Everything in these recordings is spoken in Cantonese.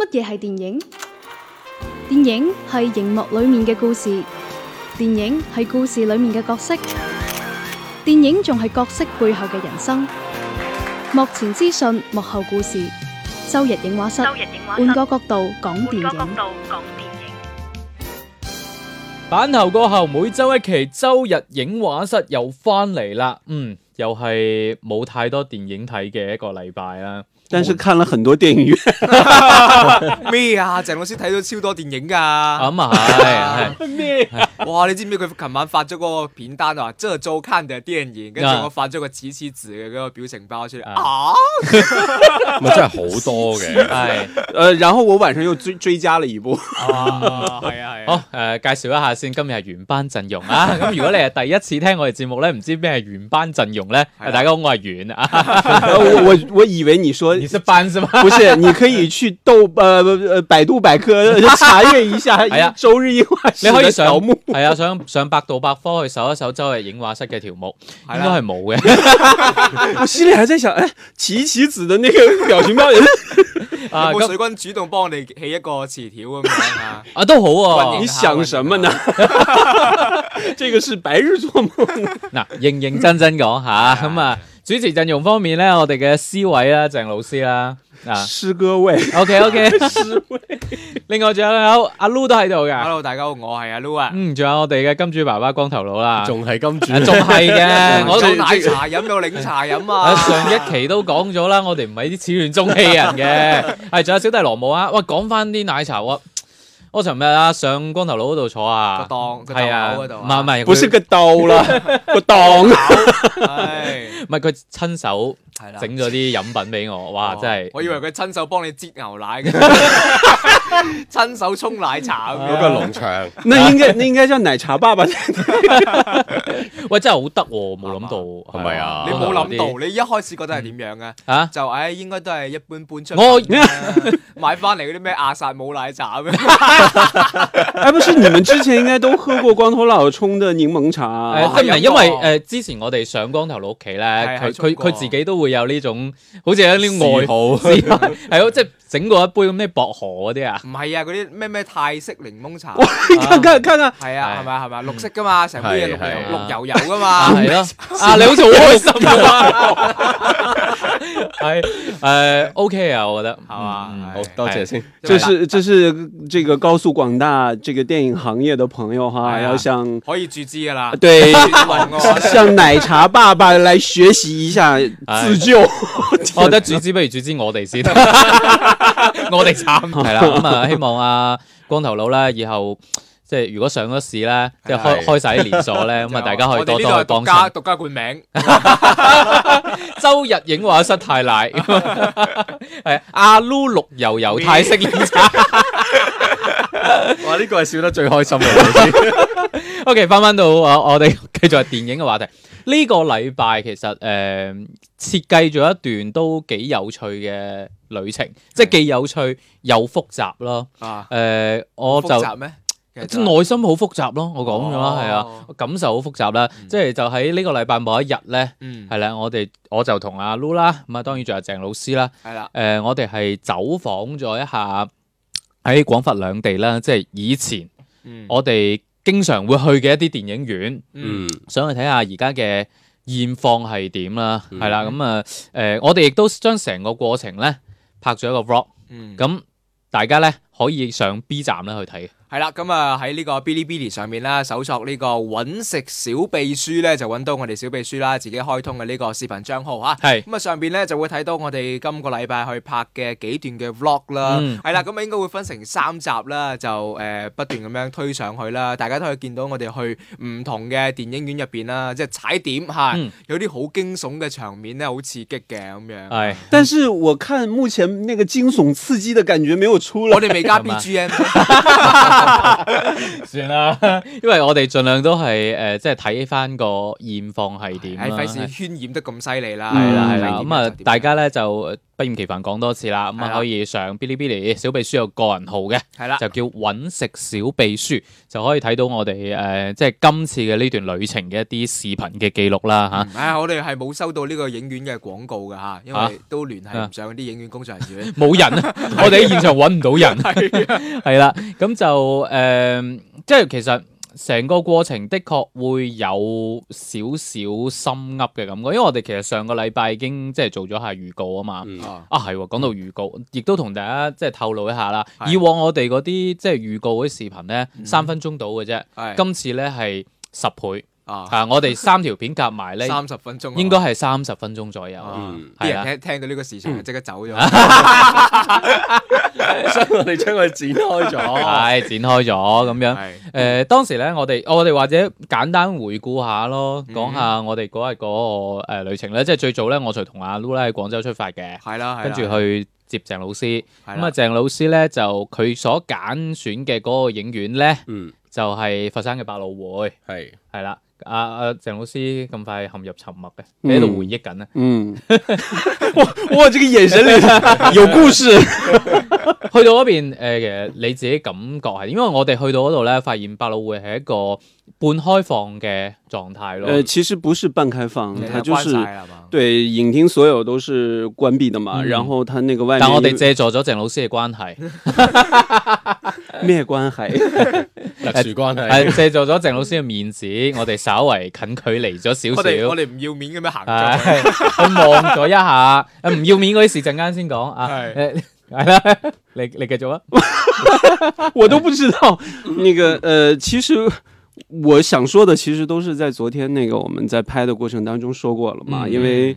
乜嘢係電影？電影係熒幕裏面嘅故事，電影係故事裏面嘅角色，電影仲係角色背後嘅人生。幕前資訊，幕後故事。周日影畫室，換個角度講電影。版頭過後，每周一期，周日影畫室又翻嚟啦。嗯，又係冇太多電影睇嘅一個禮拜啦。但是看了很多電影院咩？ 啊？鄭老師睇咗超多電影噶、啊，咁啊係咩、啊啊 啊？哇！你知唔知佢琴晚發咗個片單啊？這周看嘅電影，跟住我發咗個嘻嘻子嘅嗰個表情包出嚟啊！咪、啊 啊嗯、真係好多嘅，係誒、 啊，然後我晚上又追追加了一部。係 啊，啊啊好誒、呃，介紹一下先，今日係原班陣容啊。咁、 啊、如果你係第一次聽我哋節目咧，唔知咩係原班陣容咧， 大家好，我係遠啊。我我我以為你說。你是班是嗎？不是，你可以去到、呃，百度百科查閱一下，哎呀，周日影畫室的條目，哎上上百度百科去搜一搜周日影畫室嘅條目，的應該係冇嘅。我心裏還在想，誒、呃，齊齊子的那個表情包，啊，有冇水軍主動幫我哋起一個詞條啊嘛， 啊，都好啊，你想什麼呢？ 這個是白日做夢。嗱， 認認真真講下。咁 啊。主持陣容方面咧，我哋嘅 C 位啦，鄭老師啦，啊，詩歌位，OK OK，詩歌，另外仲有阿 Lu 都喺度嘅，Hello 大家好，我係阿 Lu 啊，嗯，仲有我哋嘅金主爸爸光頭佬啦，仲係金主，仲係嘅，我做 奶茶飲到檸茶飲啊,啊，上一期都講咗啦，我哋唔係啲始亂終棄人嘅，係，仲有小弟羅母啊，喂，講翻啲奶茶喎。我尋日啊上光頭佬嗰度坐啊，係檔、嗯、啊，唔係唔係，唔係佢當，唔係佢親手整咗啲飲品俾我，哇，哦、真係是，我以為佢親手幫你擠牛奶嘅。 親手沖奶茶，嗰個農場，那應該應該將奶茶爸爸。喂，真係好得，冇諗到係咪啊？你冇諗到，你一開始覺得係點樣嘅？吓，就唉，應該都係一般般出。我買翻嚟嗰啲咩阿薩姆奶茶咩？哎，不是，你們之前應該都喝過光頭佬沖嘅檸檬茶。係咪？因為誒，之前我哋上光頭佬屋企咧，佢佢佢自己都會有呢種，好似有啲愛好，係咯，即係整過一杯咁咩薄荷嗰啲啊？唔係啊，嗰啲咩咩泰式檸檬茶，啊！係啊，係咪啊？係咪啊？綠色噶嘛，成杯嘢綠油綠油油噶嘛，啊，你好似好開心㗎。係誒，OK 啊，我覺得係嘛，好多謝先。就是就是這個告訴廣大這個電影行業的朋友哈，要向可以注資嘅啦，對，向奶茶爸爸來學習一下自救。我覺得注資不如注資我哋先，我哋慘係啦。咁啊，希望啊，光頭佬啦，以後。即係如果上咗市咧，即係開開晒啲連鎖咧，咁啊大家可以多多。我呢獨家獨家冠名，周日影畫室太奶，係阿擼綠油油泰式煙腸。我呢個係笑得最開心嘅。O K，翻翻到我我哋繼續係電影嘅話題。呢個禮拜其實誒設計咗一段都幾有趣嘅旅程，即係既有趣又複雜咯。誒，我就。咩？即係內心好複雜咯，我講咗，係啊，感受好複雜啦。即係就喺呢個禮拜某一日咧，係啦，我哋我就同阿 Lu 啦，咁啊，當然仲有鄭老師啦，係啦。誒，我哋係走訪咗一下喺廣佛兩地啦，即係以前我哋經常會去嘅一啲電影院，嗯，想去睇下而家嘅現況係點啦，係啦。咁啊，誒，我哋亦都將成個過程咧拍咗一個 Vlog，咁大家咧可以上 B 站咧去睇。係啦，咁啊喺呢個嗶哩嗶哩上面啦，搜索呢、這個揾食小秘書呢，就揾到我哋小秘書啦，自己開通嘅呢個視頻賬號吓。係咁啊，是上邊呢就會睇到我哋今個禮拜去拍嘅幾段嘅 Vlog 啦。係啦、嗯，咁啊應該會分成三集啦，就誒、呃、不斷咁樣推上去啦。大家都可以見到我哋去唔同嘅電影院入邊啦，即、就、係、是、踩點吓，啊嗯、有啲好驚悚嘅場面呢，好刺激嘅咁樣。係、哎。嗯、但是我看目前那個驚悚刺激的感覺沒有出來。我哋未加 BGM 嗎。 算啦，因為我哋盡量都係誒、呃，即係睇翻個現況係點。哎、啊，費事渲染得咁犀利啦。係啦係啦，咁啊，嗯、啊啊大家咧就。嗯不厭其煩講多次啦，咁啊可以上 Bilibili 小秘書有個人號嘅，係啦，就叫揾食小秘書，就可以睇到我哋誒，即係今次嘅呢段旅程嘅一啲視頻嘅記錄啦嚇。唉，我哋係冇收到呢個影院嘅廣告㗎嚇，因為都聯繫唔上啲影院工作人員，冇人，我哋喺現場揾唔到人，係啦，咁就誒，即係其實。成個過程的確會有少少心噏嘅感覺，因為我哋其實上個禮拜已經即係做咗下預告啊嘛、嗯。啊，係講、啊、到預告，亦都同大家即係透露一下啦。的以往我哋嗰啲即係預告嗰啲視頻咧，三、嗯、分鐘到嘅啫。的今次咧係十倍。啊！我哋三條片夾埋呢，三十分鐘應該係三十分鐘左右。啲人聽到呢個事情，就即刻走咗，所以我哋將佢剪開咗。係剪開咗咁樣。誒當時咧，我哋我哋或者簡單回顧下咯，講下我哋嗰一嗰個旅程咧，即係最早咧，我就同阿 Lula 喺廣州出發嘅。係啦，跟住去接鄭老師。咁啊，鄭老師咧就佢所揀選嘅嗰個影院咧，就係佛山嘅百老匯。係係啦。阿阿鄭老師咁快陷入沉默嘅，你喺度回憶緊啊、嗯！嗯，哇 哇，呢、這個眼神裏有故事。 去到嗰邊，誒、呃、誒，其實你自己感覺係，因為我哋去到嗰度咧，發現百老匯係一個半開放嘅狀態咯。誒、呃，其實不是半開放，佢、嗯、就是係對影廳所有都是關閉的嘛。嗯、然後佢那個外，個但我哋借助咗鄭老師嘅關係，咩 滅關係。 係借助咗鄭老師嘅面子， 我哋稍為近距離咗少少。 我哋我哋唔要面噉樣行？我望咗一下，唔要面嗰啲事陣間先講啊。係，係啦，你你繼續啊。 我都不知道， 那個，呃，其實我想說的，其實都是在昨天那個我們在拍的過程當中說過了嘛，因為。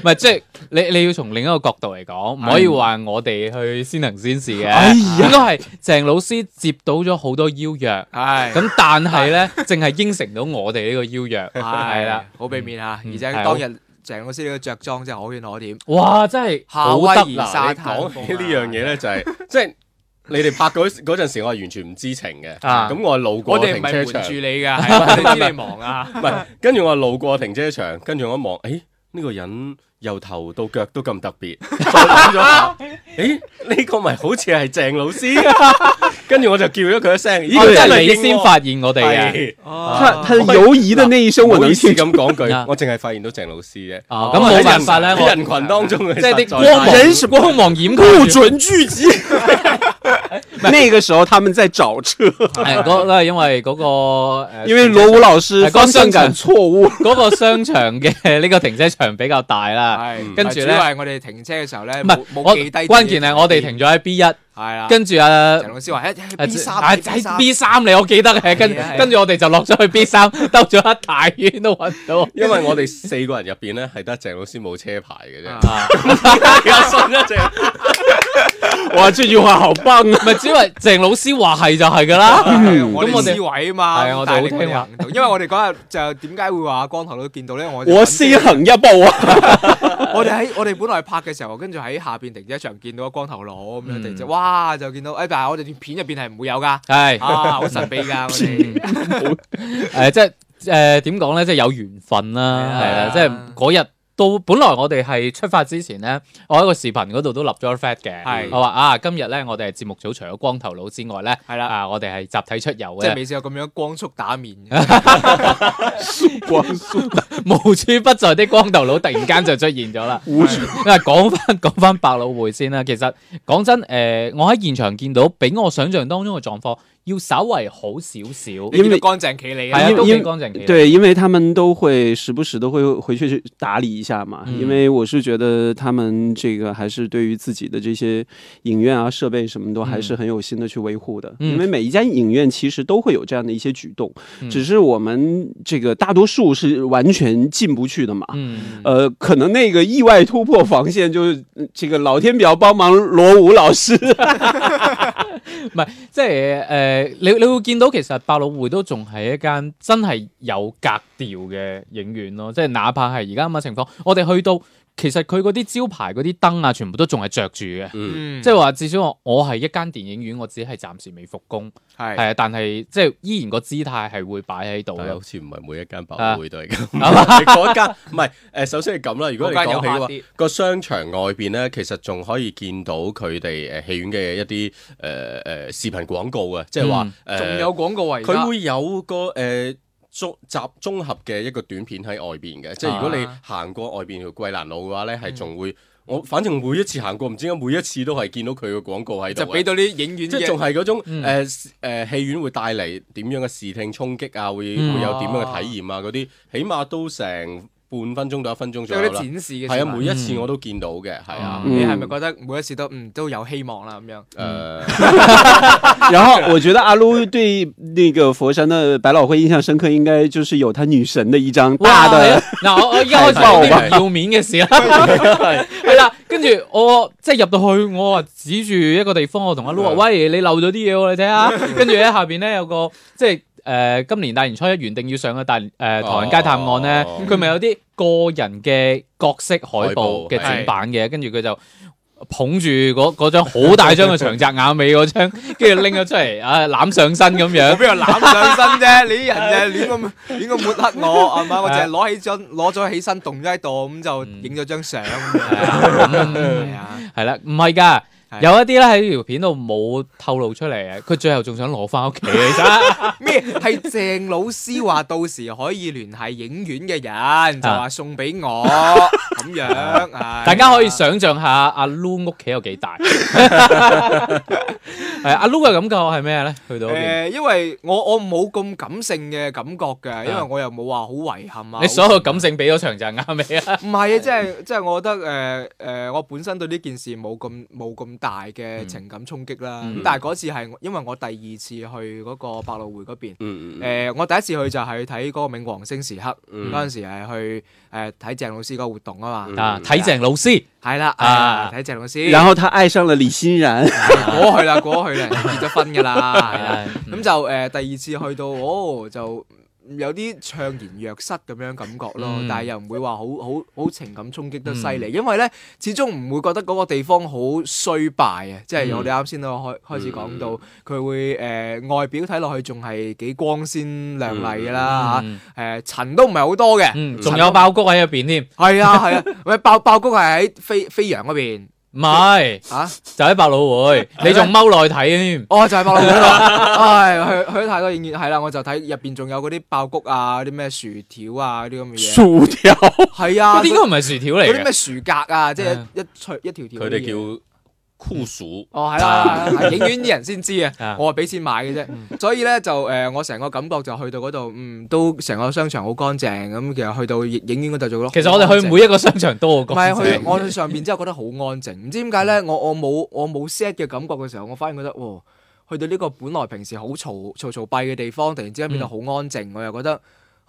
唔係，即係你你要從另一個角度嚟講，唔可以話我哋去先行先試嘅。應該係鄭老師接到咗好多邀約，咁但係咧，淨係應承到我哋呢個邀約。係啦，好俾面啊！而且當日鄭老師嘅着裝真係可圈可點。哇！真係夏威夷沙灘。好得嗱，你講起呢樣嘢咧，就係即係你哋拍嗰嗰陣時，我完全唔知情嘅。咁我係路過我哋唔係瞞住你㗎，唔知你忙啊。唔係，跟住我係路過停車場，跟住我一望，誒呢個人。由頭到腳都咁特別，再諗咗下，誒、 欸，呢、這個咪好似係鄭老師，啊。 跟住我就叫咗佢一聲，咦，個真係你先發現我哋嘅。係係有耳的呢啲，每次咁講句，我淨係發現到鄭老師嘅。咁冇辦法咧，人群當中嘅。在啲光人光芒掩，不准聚集。呢個時候，佢哋在找車，係嗰係因為嗰個因為老胡老師個商場錯誤，嗰個商場嘅呢個停車場比較大啦。係，跟住咧，我哋停車嘅時候咧，唔係我關鍵係我哋停咗喺 B 一。係啦，跟住阿鄭老師話一一 B 三，阿仔 B 三你 B 3, 我記得嘅，是啊是啊跟跟住我哋就落咗去 B 三， 兜咗一大圈都揾唔到。因為我哋四個人入邊咧，係得鄭老師冇車牌嘅啫，信一只。我係專業話后崩，咪係 只係鄭老師話係就係噶啦。咁、 嗯、 我哋思維啊嘛，係啊，我哋 因為我哋嗰日就點解會話光頭佬見到咧？我我先行一步啊！我哋喺我哋本來拍嘅時候，跟住喺下邊停車場見到光頭佬咁樣，突然哇就見到誒！但係我哋片入邊係唔會有噶，係好神秘噶。誒 我們、 欸，即係誒點講咧？即係有緣分啦、啊，係啦 Yeah.，即係嗰日。到本來我哋係出發之前呢，我喺個視頻嗰度都立咗個 flag 嘅，是的 我話啊，今日呢，我哋係節目組除咗光頭佬之外呢，係啦的啊，我哋係集體出遊嘅，即係未試過咁樣光速打面， 光速無處不在的光頭佬突然間就出現咗啦。講翻講翻百老匯先啦，其實講真誒、呃，我喺現場見到比我想象當中嘅狀況。要稍微好少少，因為乾淨企理，係啊，啊，都乾淨企。對，因為他們都會時不時都會回去，去打理一下嘛。嗯、因為我是覺得他們這個還是對於自己的這些影院啊、設備什麼，都還是很有心的去維護的。嗯、因為每一家影院其實都會有這樣的一些舉動，嗯、只是我們這個大多數是完全進不去的嘛。嗯、呃，可能那個意外突破防線，就是這個老天表幫忙羅武老師。唔係，即係。誒、呃，你你會見到其實百老匯都仲係一間真係有格調嘅影院咯，即係哪怕係而家咁嘅情況，我哋去到。其實佢嗰啲招牌、嗰啲燈啊，全部都仲係着住嘅，嗯、即係話至少我我係一間電影院，我只係暫時未復工，係是啊，但係即係依然個姿態係會擺喺度咯。好似唔係每一間百匯都係咁，嗰間唔係誒，首先係咁啦。如果你講起話，個商場外邊呢，其實仲可以見到佢哋誒戲院嘅一啲誒誒視頻廣告啊。即係話仲有廣告位，佢會有個誒。呃綜集綜合嘅一個短片喺外邊嘅，即係如果你行過外邊條桂蘭路嘅話呢係仲會，嗯、我反正每一次行過，唔知點解，每一次都係見到佢嘅廣告喺度，即係俾到啲影院，即係仲係嗰種誒誒、嗯呃、戲院會帶嚟點樣嘅視聽衝擊啊，會會有點樣嘅體驗啊嗰啲，起碼都成半分鐘到一分鐘左右啦。係啊，每一次我都見到嘅，係、嗯、啊。你係咪覺得每一次都嗯都有希望啦咁樣？誒，然後我覺得阿 Lucy 對那個佛山的百老匯印象深刻，應該就是有她女神的一張大的嗱，我一開始，啊、 要面嘅事啦。係 啦、 啊，跟住我即係入到去，我啊指住一個地方，我同阿 Lucy 話：，啊、 喂，你漏咗啲嘢，我嚟睇下。跟住咧下邊咧有個即係，誒、呃、今年大年初一原定要上去大誒唐人街探案咧，佢咪、哦、有啲個人嘅角色海報嘅展板嘅，跟住佢就捧住嗰張好大張嘅長澤雅美嗰張，跟住拎咗出嚟啊攬上身咁樣，邊度攬上身啫？你啲人嘅亂咁亂咁抹黑我，係嘛？我就攞起張攞咗起身，棟咗喺度咁就影咗張相，係啊，係啦，唔係㗎。有一啲咧喺條片度冇透露出嚟嘅，佢最後仲想攞翻屋企其實咩？係鄭老師話到時可以聯繫影院嘅人就，就話送俾我咁樣。 哎、呀大家可以想象下阿 Lu 屋企有幾大。 啊、阿 Lu 嘅感覺係咩呢？去到、呃、因為我我冇咁感性嘅感覺嘅，因為我又冇話好遺憾啊。你所有感性俾咗場就啱未啊？唔係啊，即係即係我覺得誒誒、呃，我本身對呢件事冇咁冇咁大嘅情感衝擊啦。咁、嗯、但係嗰次係因為我第二次去嗰個百老匯嗰邊，誒、嗯嗯呃，我第一次去就係睇嗰個《冥王星時刻》嗰陣、嗯、時係去誒睇鄭老師個活動啊嘛。睇鄭老師。係啦，睇鄭、啊哎、老師。然後他愛上了李欣然、哎，過去啦，過去啦，結咗婚噶啦，咁就誒、呃，第二次去到，哦，就，有啲悵然若失咁樣感覺咯，嗯、但係又唔會話好好好情感衝擊得犀利，嗯、因為咧始終唔會覺得嗰個地方好衰敗啊！即係我哋啱先都開開始講到，佢、嗯、會誒、呃、外表睇落去仲係幾光鮮亮麗噶啦吓，誒塵、嗯呃、都唔係好多嘅，仲、嗯、塵有爆谷喺入邊添，係啊係啊，爆塵爆谷係喺 飛飛揚嗰邊。唔係，啊，就喺百老匯，嗎你仲踎落去睇添？哦，就係、是、百老匯，係去去睇咗影院，係啦，我就睇入邊仲有嗰啲爆谷啊，啲咩薯條啊，啲咁嘅嘢。薯條條係啊，應該唔係薯條嚟嗰啲咩薯格啊，即、就、係、是、一、嗯、一長一條條。佢哋叫。酷暑、嗯、哦，係啦、啊， 影院啲人先知啊，我係俾錢買嘅啫，嗯、所以呢，就誒、呃，我成個感覺就去到嗰度，嗯，都成個商場好乾淨咁。其實去到影院嗰度做咯，其實我哋去每一個商場都好乾淨，唔係去我去上面之後覺得好安靜，唔 知點解呢，我我冇我冇 set 嘅感覺嘅時候，我反而覺得，哦、去到呢個本來平時好嘈嘈嘈閉嘅地方，突然之間變到好安靜，嗯、我又覺得。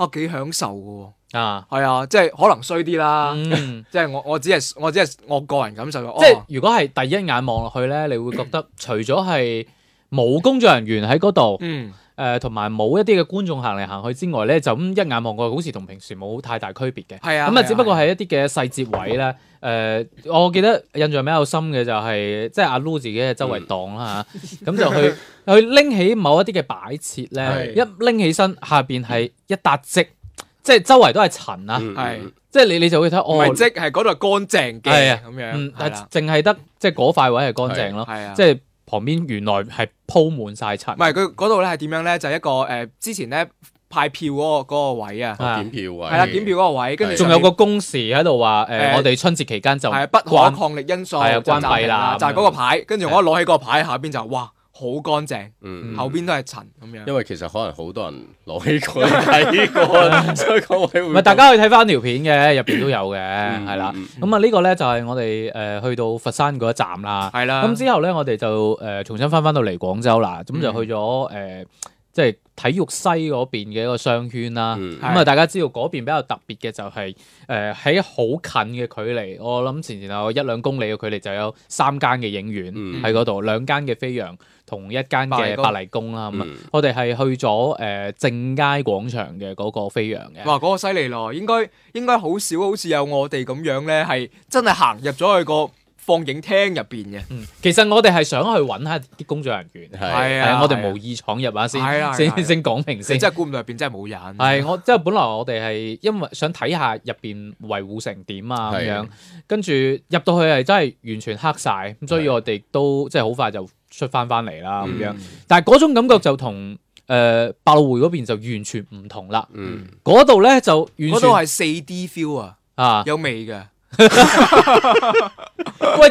我幾、啊、享受㗎喎！啊，係啊，即係可能衰啲啦，嗯、即係我我只係我只係我個人感受咯。哦、即係如果係第一眼望落去咧， 你會覺得除咗係冇工作人員喺嗰度。嗯誒，同埋冇一啲嘅觀眾行嚟行去之外咧，就咁一眼望過，好似同平時冇太大區別嘅。係啊，咁啊，只不過係一啲嘅細節位咧。誒、呃，我記得印象比較深嘅就係，即係阿 Lu 自己喺周圍蕩啦嚇，咁、嗯、就去去拎起某一啲嘅擺設咧，啊、一拎起身下面、嗯、邊係一笪積，即係周圍都係塵啊。係，即係你你就好似睇哦，唔係積，係嗰度係乾淨嘅，係啊咁樣。嗯，但係淨係得即係嗰塊位係乾淨咯。係啊，啊 S，即係。旁邊原來係鋪滿晒塵，唔係佢嗰度咧係點樣咧？就係、是、一個誒、呃，之前咧派票嗰個個位啊，檢票啊？係啦，檢票嗰個位，跟住仲有個公示喺度話，誒、呃、啊、我哋春節期間就係、啊、不可抗力因素係啊，關閉啦，就係嗰個牌，跟住、啊、我一攞起個牌、啊、下邊就哇。好乾淨，後邊都係塵咁樣。因為其實可能好多人攞起過，大家可以睇翻條片嘅，入邊都有嘅，係啦。咁啊呢個呢，就係我哋誒去到佛山嗰一站啦，係啦。咁之後呢，我哋就誒重新翻翻到嚟廣州啦，咁就去咗誒即係體育西嗰邊嘅一個商圈啦。咁啊大家知道嗰邊比較特別嘅就係誒喺好近嘅距離，我諗前前後一兩公里嘅距離就有三間嘅影院喺嗰度，兩間嘅飛揚。同一間嘅百麗宮啦，咁我哋係去咗誒正佳廣場嘅嗰個飛揚嘅。哇，嗰個犀利咯，應該應該好少，好似有我哋咁樣咧，係真係行入咗去個放映廳入邊嘅。其實我哋係想去揾下啲工作人員，係啊，我哋無意闖入下先，先先講明先。即係觀眾入邊真係冇人。係我即係本來我哋係因為想睇下入邊維護成點啊咁樣，跟住入到去係真係完全黑晒，咁所以我哋都即係好快就。出翻翻嚟啦咁樣，但係嗰種感覺就同誒百老匯嗰邊就完全唔同啦。嗰度咧就完全都係四 D feel 啊，啊有味嘅。 喂，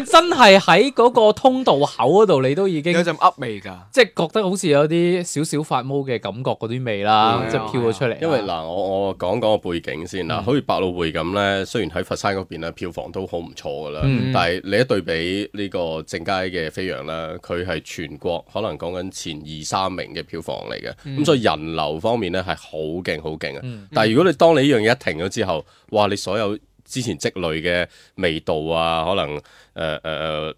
真係喺嗰個通道口嗰度，你都已經陣噏味噶，即係覺得好似有啲少少發毛嘅感覺，嗰啲味啦，即係飄咗出嚟。 因為嗱，我我講講個背景先嗱，嗯、好似《百老匯》咁呢，雖然喺佛山嗰邊咧票房都好唔錯噶啦，嗯、但係你一對比個呢個正佳嘅《飛揚》啦，佢係全國可能講緊前二三名嘅票房嚟嘅，咁、嗯、所以人流方面呢，係好勁好勁嘅。嗯、但係如果你當你呢樣嘢一停咗之後，哇！你所有之前積累嘅味道啊，可能誒誒、呃呃、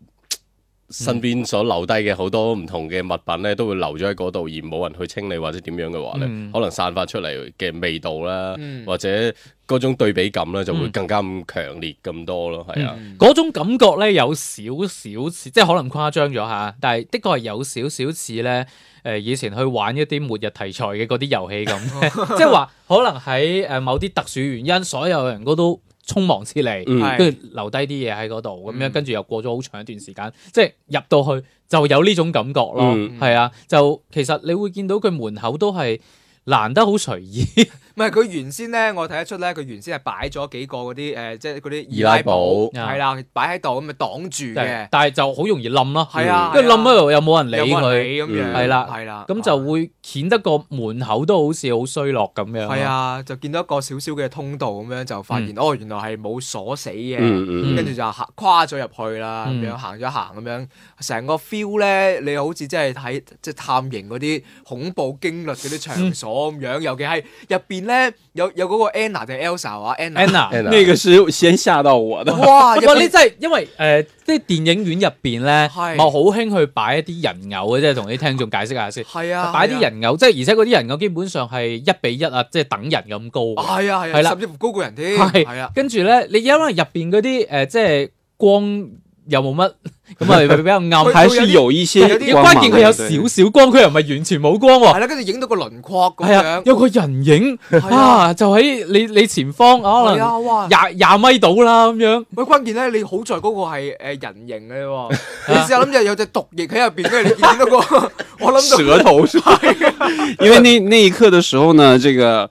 身邊所留低嘅好多唔同嘅物品咧，都會留咗喺嗰度，而冇人去清理或者點樣嘅話咧，嗯、可能散發出嚟嘅味道啦、啊，嗯、或者嗰種對比感咧、啊，就會更加咁強烈咁多咯。係啊，嗰、嗯、種感覺咧有少少似，即係可能誇張咗吓，但係的確係有少少似咧誒以前去玩一啲末日題材嘅嗰啲遊戲咁，即係話可能喺誒某啲特殊原因，所有人都匆忙撤離，跟住、嗯、留低啲嘢喺嗰度，咁、嗯、樣跟住又過咗好長一段時間，嗯、即係入到去就有呢種感覺咯，係、嗯、啊，就其實你會見到佢門口都係攔得好隨意、嗯。 唔係，佢原先咧，我睇得出咧，佢原先係擺咗幾個嗰啲，誒、即係嗰啲易拉寶，係啦，擺喺度咁咪擋住嘅。但係就好容易冧咯，係啊，跟住冧嗰度又冇人理佢，係啦，係啦，咁就會顯得個門口都好似好衰落咁樣，係啊，就見到一個少少嘅通道咁樣就發現哦，原來係冇鎖死嘅，跟住就跨咗入去啦，咁樣行咗行咁樣，成個 feel 咧，你好似真係睇即係探營嗰啲恐怖經歷嗰啲場所咁樣，尤其係入邊。咧有有嗰個 Anna 定 Elsa 啊，Anna，Anna，那個 An 時先吓到我嘅。 哇！哇！你真係因為誒，啲、呃、電影院入邊咧，係咪好興去擺一啲人偶嘅？即係同啲聽眾解釋下先。係啊，擺啲人偶，即係而且嗰啲人偶基本上係一比一啊，即係等人咁高。係啊係啊，係啦、啊，甚至乎高過人添。係 啊,啊,啊,啊,啊,啊,啊，跟住咧，你因為入邊嗰啲誒，即係光。又冇乜咁啊，比較暗，係一啲柔意，先要關鍵佢有少少光，佢又唔係完全冇光喎。係啦，跟住影到個輪廓咁樣，有個人影啊，就喺你你前方可能廿廿米到啦咁樣。喂，關鍵咧，你好在嗰個係誒人形嘅，你試下諗住有隻毒液喺入邊，跟住你見到個我諗。蛇頭好是吧？因為呢那一刻嘅時候呢，呢個。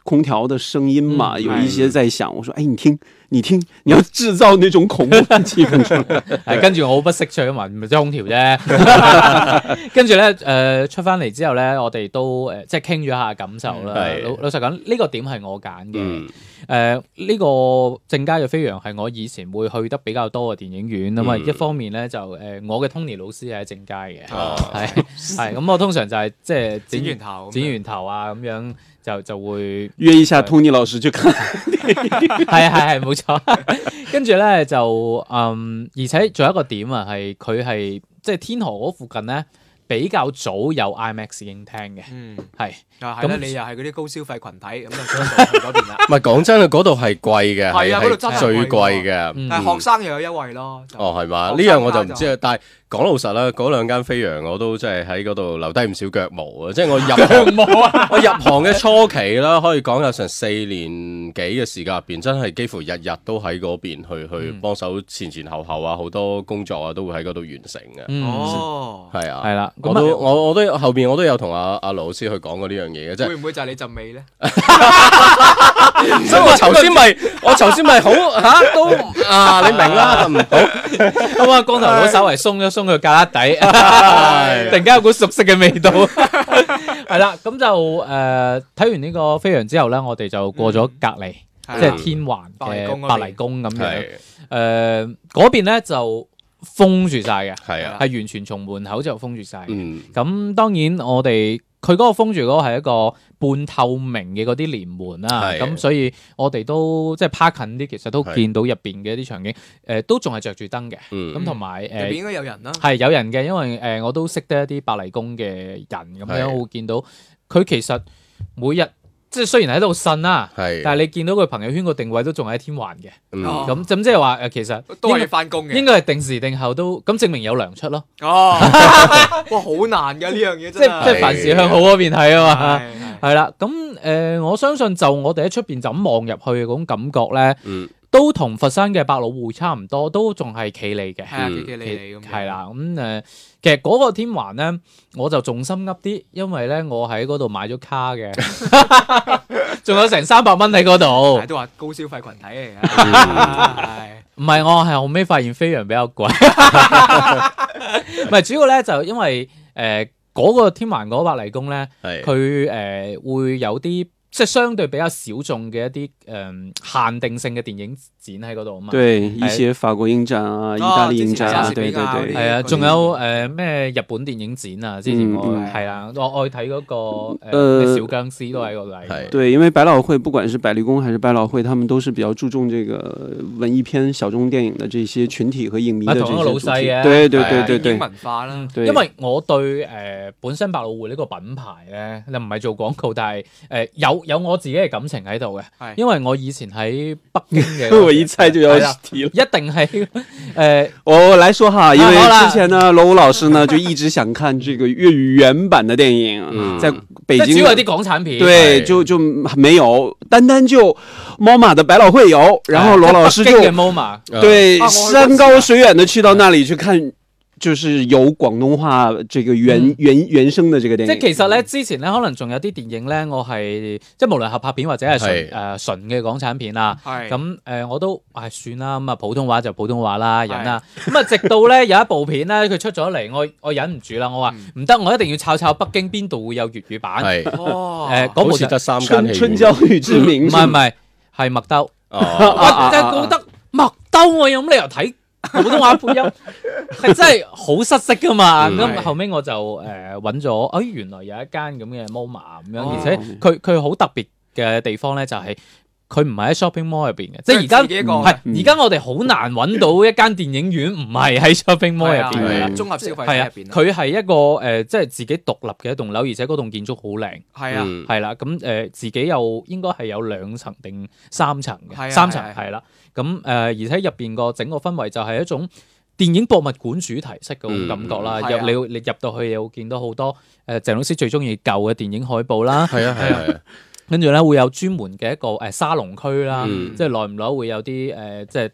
空調嘅聲音嘛，嗯、有一些在想，嗯、我說，哎，你聽，你聽，你要製造那種恐怖氣氛。係 跟住我好不識唱不識趣嘛，咪即係空調啫。 跟住咧，誒、呃，出翻嚟之後咧，我哋都誒、呃，即係傾咗下感受啦、嗯。老老實講，呢、這個點係我揀嘅。誒、嗯，呢、呃這個正佳嘅飛揚係我以前會去得比較多嘅電影院啊嘛。嗯、一方面咧就，誒、呃，我嘅 Tony 老師係喺正佳嘅，係係咁，的 嗯、我通常就係、是、即係剪完頭，剪完頭啊咁樣。就就會約一下 Tony 老師去看，係啊，係係冇錯。跟住咧就嗯，而且仲有一個點啊，係佢係即係天河嗰附近咧比較早有 IMAX 影廳嘅，嗯係。咁你又係嗰啲高消費群體，咁就去嗰邊啦。唔係，講真佢嗰度係貴嘅，係啊，度最貴嘅。但係學生又有優惠咯。哦係嘛？呢樣我就唔知啊，但係。講老實啦，嗰兩間飛揚我都真係喺嗰度留低唔少腳毛啊！即係我入行嘅初期啦，可以講有成四年幾嘅時間入邊，真係幾乎日日都喺嗰邊去去幫手前前後後啊，好多工作啊都會喺嗰度完成嘅。哦，係啊，係啦，我都我我都後邊我都有同阿阿羅老師去講過呢樣嘢嘅，即係會唔會就係你陣味咧？所以我頭先咪我頭先咪好吓都啊，你明啦，就唔好啊？光頭佬稍微鬆一鬆。中嘅格拉底， 突然間有股熟悉嘅味道， 係啦。咁就誒，睇完呢個飛揚之後咧，我哋就過咗隔離，嗯、即係天環嘅百麗宮咁樣。誒的，嗰邊咧就封住晒嘅，係啊的，係完全從門口就封住晒。咁、嗯、當然我哋。佢嗰個封住嗰個係一個半透明嘅嗰啲連門啦，咁的、嗯、所以我哋都即係趴近啲，其實都見到入邊嘅一啲場景，誒都仲係着住燈嘅，咁同埋誒入邊應該有人啦，係有人嘅，因為誒、呃、我都識得一啲百麗宮嘅人，咁、嗯、樣會見到佢的其實每日。即係雖然喺度呻啦，但係你見到佢朋友圈個定位都仲喺天環嘅，咁咁即係話誒，其實都係翻工嘅，應該係定時定候都，咁證明有糧出咯。哦，哇，好難㗎呢樣嘢，即係即係凡事向好嗰邊睇啊嘛，係啦，咁誒，我相信就我哋喺出邊就咁望入去嗰種感覺咧。都同佛山嘅百老匯差唔多，都仲係企理嘅。係企企理理咁。係啦，咁誒，其實嗰個天環咧，我就重心噏啲，因為咧我喺嗰度買咗卡嘅，仲 有成三百蚊喺嗰度。都話高消費群體嚟嘅。唔係承 ower，我係後尾發現飛揚比較貴。唔係，oluş 主要咧就是，因為誒嗰、呃嗰個天環嗰個百麗宮咧，佢誒的、呃、會有啲。即係相對比較小眾嘅一啲誒、呃、限定性嘅電影展喺嗰度啊嘛，對，但一些法國影展啊、意大利影展啊，哦、是是對對對，係啊，仲有誒咩、呃、日本電影展啊，之前我係啦、嗯，我愛睇嗰、那個、呃呃、小僵屍都係一個例，係對，的對，因為百老匯不管是百麗宮還是百老匯，他們都是比較注重這個文藝片、小眾電影嘅這些群體和影迷的這些主題，啊、對，對，對對對對對，文化啦，對因為我對誒、呃、本身百老匯呢個品牌咧，你唔係做廣告，但係誒、呃、有。有我自己嘅感情喺度嘅，係因為我以前喺北京嘅。 我依家就有，一定係誒，我、 呃、我來說下，因為之前呢，羅武、啊、老師呢就一直想看這個粵語原版嘅電影、啊，嗯，在北京，嗯、只有啲港產片，對，就就沒有，的單單就 MOMA 的百老匯有，然後羅老師就、嗯、A, 對，啊、山高水遠的去到那裏去看。就是有廣東話這個原原原聲的這個電影。即係其實咧，之前咧可能仲有啲電影咧，我係即係無論合拍片或者係純誒純嘅港產片啦。咁誒，我都係算啦。咁啊，普通話就普通話啦，人啦。咁啊，直到咧有一部片咧，佢出咗嚟，我我忍唔住啦，我話唔得，我一定要抄抄北京邊度會有粵語版。係。部就三間戲，春嬌與志明，唔係唔係，係麥兜。我真係覺得麥兜，我有乜理由睇？普 通話配音係真係好失色噶嘛，咁、嗯、是後尾我就誒揾咗，誒、哎、原來有一間咁嘅 Moma 咁樣，而且佢佢好特別嘅地方咧就係、是。佢唔係喺 shopping mall 入邊嘅，即係而家唔係。而家我哋好難揾到一間電影院，唔係喺 shopping mall 入邊嘅。綜合消費入邊，佢係一個誒，即係自己獨立嘅一棟樓，而且嗰棟建築好靚。係啊，係啦。咁誒，自己有應該係有兩層定三層嘅。三層係啦。咁誒，而且入邊個整個氛圍就係一種電影博物館主題式嘅感覺啦。入，你你入到去，你會見到好多誒，鄭老師最中意舊嘅電影海報啦。係啊，係啊。跟住咧會有專門嘅一個誒沙龍區啦，即係耐唔耐會有啲誒即係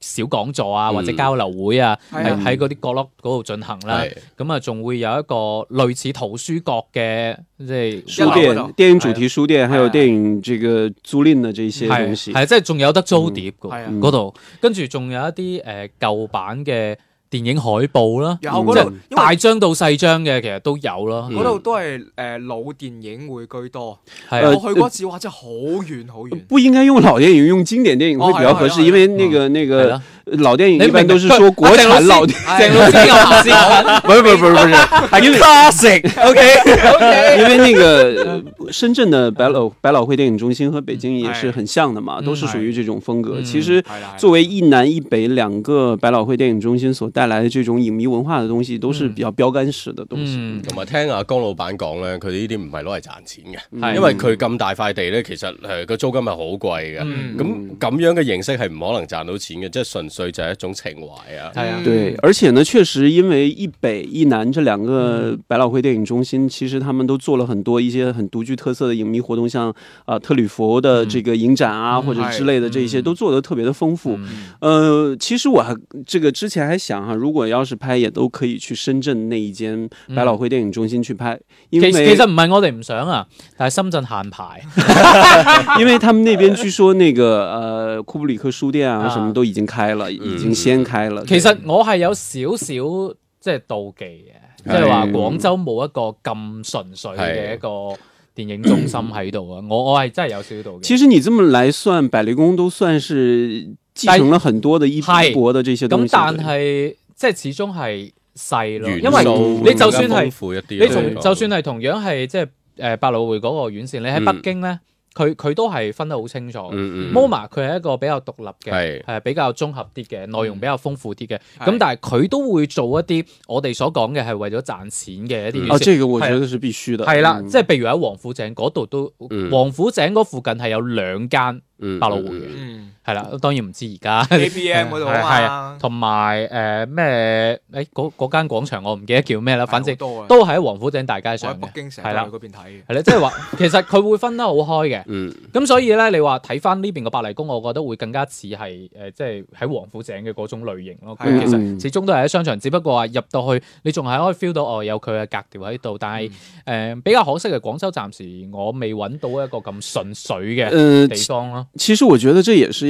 小講座啊，或者交流會啊，係喺嗰啲角落嗰度進行啦。咁啊，仲會有一個類似圖書閣嘅，即係書店、電影主題書店，還有電影這個租賃嘅這一些東西，係啊，即係仲有得租碟嘅嗰度。跟住仲有一啲誒舊版嘅電影海報啦，有，大張到細張嘅其實都有啦。嗰度都係誒老電影會居多。我去嗰次，話，真係好遠好遠。不應該用老電影，用經典電影會比較合適，因為那個那個。老電影一般都是說國產老電影，不是不是不是不是，係叫 classic O K O K，因為那個深圳的百老百老匯電影中心和北京也是很像的嘛，都是屬於這種風格。其實作為一南一北兩個百老匯電影中心所帶來的這種影迷文化的東西，都是比較標杆式的東西。同埋聽阿江老闆講呢，佢哋呢啲唔係攞嚟賺錢嘅，因為佢咁大塊地呢，其實誒個租金係好貴嘅，咁咁樣嘅形式係唔可能賺到錢嘅，即係純。所以就係一種情懷啊！係啊、嗯，對，而且呢，確實因為一北一南這兩個百老匯電影中心，其實他們都做了很多一些很獨具特色的影迷活動，像啊、呃、特呂弗的這個影展啊，嗯、或者之類的這些、嗯、都做得特別的豐富。嗯、呃，其實我還，這個之前還想哈，如果要是拍，也都可以去深圳那一間百老匯電影中心去拍。嗯、因為其實唔係我哋唔想啊，但係深圳限牌， 因為他們那邊據說那個呃庫布里克書店啊，什麼都已經開了。已經掀開了。嗯、對其實我係有少少即係、就是、妒忌嘅，即係話廣州冇一個咁純粹嘅一個電影中心喺度啊。我我係真係有少少妒忌。其實你這麼來算，百麗宮都算是繼承了很多的一一波的這些東西。咁但係即係始終係細咯，料因為你就算係你同就算係同樣係即係誒百老匯嗰個院線，嗯、你喺北京咧。佢佢都係分得好清楚，Moma，佢係一個比較獨立嘅，係是比較綜合啲嘅，內容比較豐富啲嘅。咁、嗯嗯、但係佢都會做一啲我哋所講嘅係為咗賺錢嘅一啲嘢。這個我覺得係必須嘅。係是、嗯、啦，嗯、即係譬如喺王府井嗰度都，嗯、王府井嗰附近係有兩間百老匯嘅。嗯嗯嗯。係啦，當然唔知而家。APM 嗰度啊嘛，同埋誒咩誒嗰嗰間廣場我唔記得叫咩啦，反正都係喺王府井大街上嘅。北京成日去嗰邊睇。係啦的，即係話其實佢會分得好開嘅。咁、嗯、所以咧，你話睇翻呢邊個百麗宮，我覺得會更加似係誒，即係喺王府井嘅嗰種類型咯。係、嗯。其實始終都係喺商場，只不過話入到去你仲係可以 feel 到哦，有佢嘅格調喺度。但係誒、嗯呃、比較可惜嘅，廣州暫時我未揾到一個咁純粹嘅地方咯、呃。其實我覺得這也是。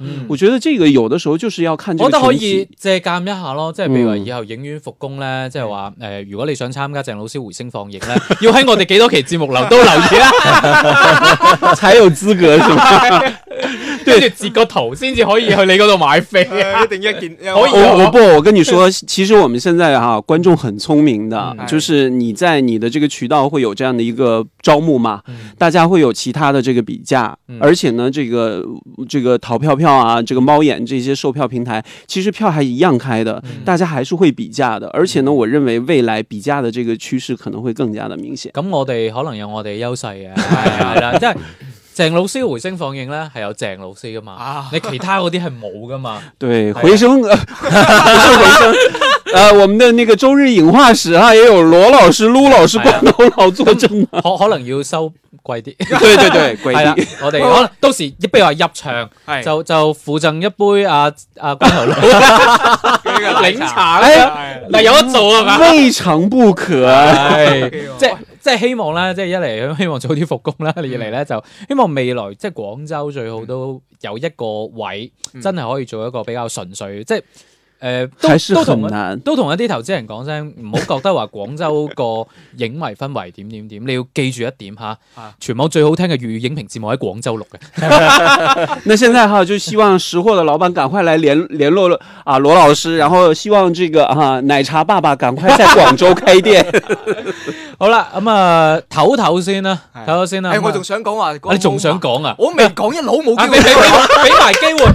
嗯、我覺得這個有的時候就是要看。我覺得可以借鑒一下咯，即係譬如話以後影院復工咧，即係話誒，如果你想參加鄭老師回聲放映咧， 要喺我哋幾多期節目留都留意啦、啊， 才有資格是是，係咪？對，截個圖先至可以去你嗰度買飛啊！一定一件可以。我我不，我跟你說，其實我們現在啊，觀眾很聰明的，就是你在你的這個渠道會有這樣的一個招募嘛，大家會有其他的這個比價，而且呢，這個這個淘票票啊，這個貓眼這些售票平台，其實票還一樣開的，大家還是會比價的，而且呢，我認為未來比價的這個趨勢可能會更加的明顯。咁我哋可能有我哋優勢嘅，係啦，即係。鄭老師嘅回聲放映咧，係有鄭老師噶嘛？ 你其他嗰啲係冇噶嘛？對，啊、回聲，回回聲。誒，uh, 我們的那個周日影化史啊，也有羅老師、盧老師、光頭佬，老作證、啊嗯，可可能要收貴啲。 對對對，貴啲、 啊。我哋可能到時，比如話入場、啊、就就附贈一杯阿、啊、阿、啊、光頭佬檸茶啦。嗱、 哎，有得做啊嘛，顏未嘗不可啊。 哎、即係哇即係希望咧，即係一嚟希望早啲復工啦，二嚟咧就希望未來即係廣州最好都有一個位，嗯、真係可以做一個比較純粹即係。誒、呃，都都同都同一啲投資人講聲，唔好覺得話廣州個影迷氛圍點點點，你要記住一點吓。全網最好聽嘅粵語影評節目喺廣州錄嘅。 那現在哈就希望識貨嘅老闆趕快來聯聯絡啊羅老師，然後希望這個哈、啊、奶茶爸爸趕快在廣州開店。 好啦，咁、嗯、啊，唞唞先啦，唞唞先啦。哎的，你我仲想講話，你仲想講啊？我未講一路冇機會，俾俾俾埋機會。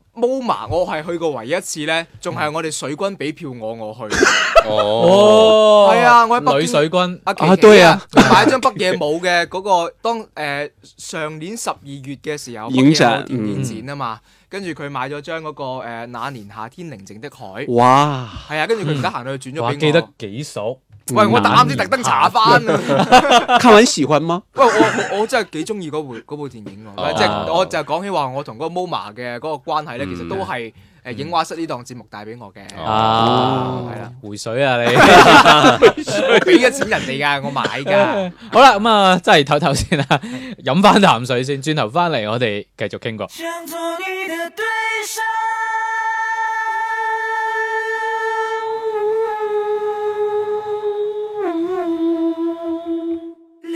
Moma，我係去過唯一一次呢，仲係我哋水軍俾票我我去。 哦，係啊，我喺北水軍。啊，對啊， 買張北野武嘅嗰個當誒、呃、上年十二月嘅時候演唱電影展啊嘛，嗯、跟住佢買咗張嗰個誒那、呃、年夏天寧靜的海。哇！係啊，跟住佢而家行到去轉咗、嗯。哇，記得幾熟。喂，我打啱啲，特登查翻。看完喜歡嗎？喂，我我真係幾中意嗰部嗰部電影啊！即係我就講起話，我同嗰個 Moma 嘅嗰個關係咧，其實都係誒影畫室呢檔節目帶俾我嘅。啊，係啦，回水啊你！俾咗錢人哋噶，我買噶。好啦，咁啊，真係唞唞先啦，飲翻啖水先，轉頭翻嚟我哋繼續傾過。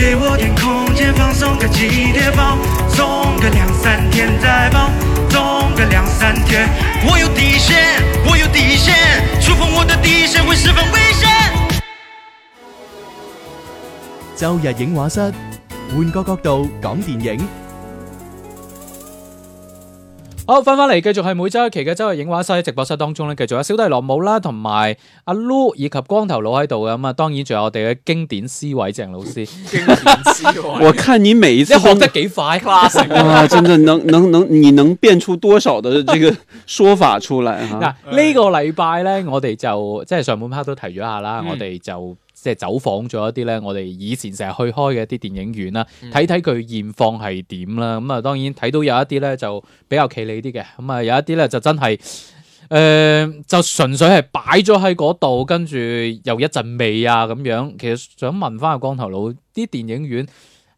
給我點空間，放鬆個幾天，放鬆個兩三天，再放鬆個兩三天。我有底線，我有底線，觸碰我的底線會釋放危險。周日影畫室，換個角度講電影。好，翻翻嚟，繼續係每周一期嘅周日影畫室喺直播室當中咧，繼續有小弟羅姆啦，同埋阿 Lu 以及光頭佬喺度嘅，咁啊，當然仲有我哋嘅經典思維鄭老師。 經典思 我看你每一次你學得幾快，啊， 真的能能能，你能變出多少的呢個說法出嚟？嗱、 啊，這個、呢個禮拜咧，我哋就即係上半 part 都提咗一下啦，嗯、我哋就。即係走訪咗一啲咧，我哋以前成日去開嘅一啲電影院啦，睇睇佢現況係點啦。咁啊，當然睇到有一啲咧就比較企理啲嘅，咁啊有一啲咧就真係誒、呃、就純粹係擺咗喺嗰度，跟住又一陣味啊咁樣。其實想問翻個光頭佬，啲電影院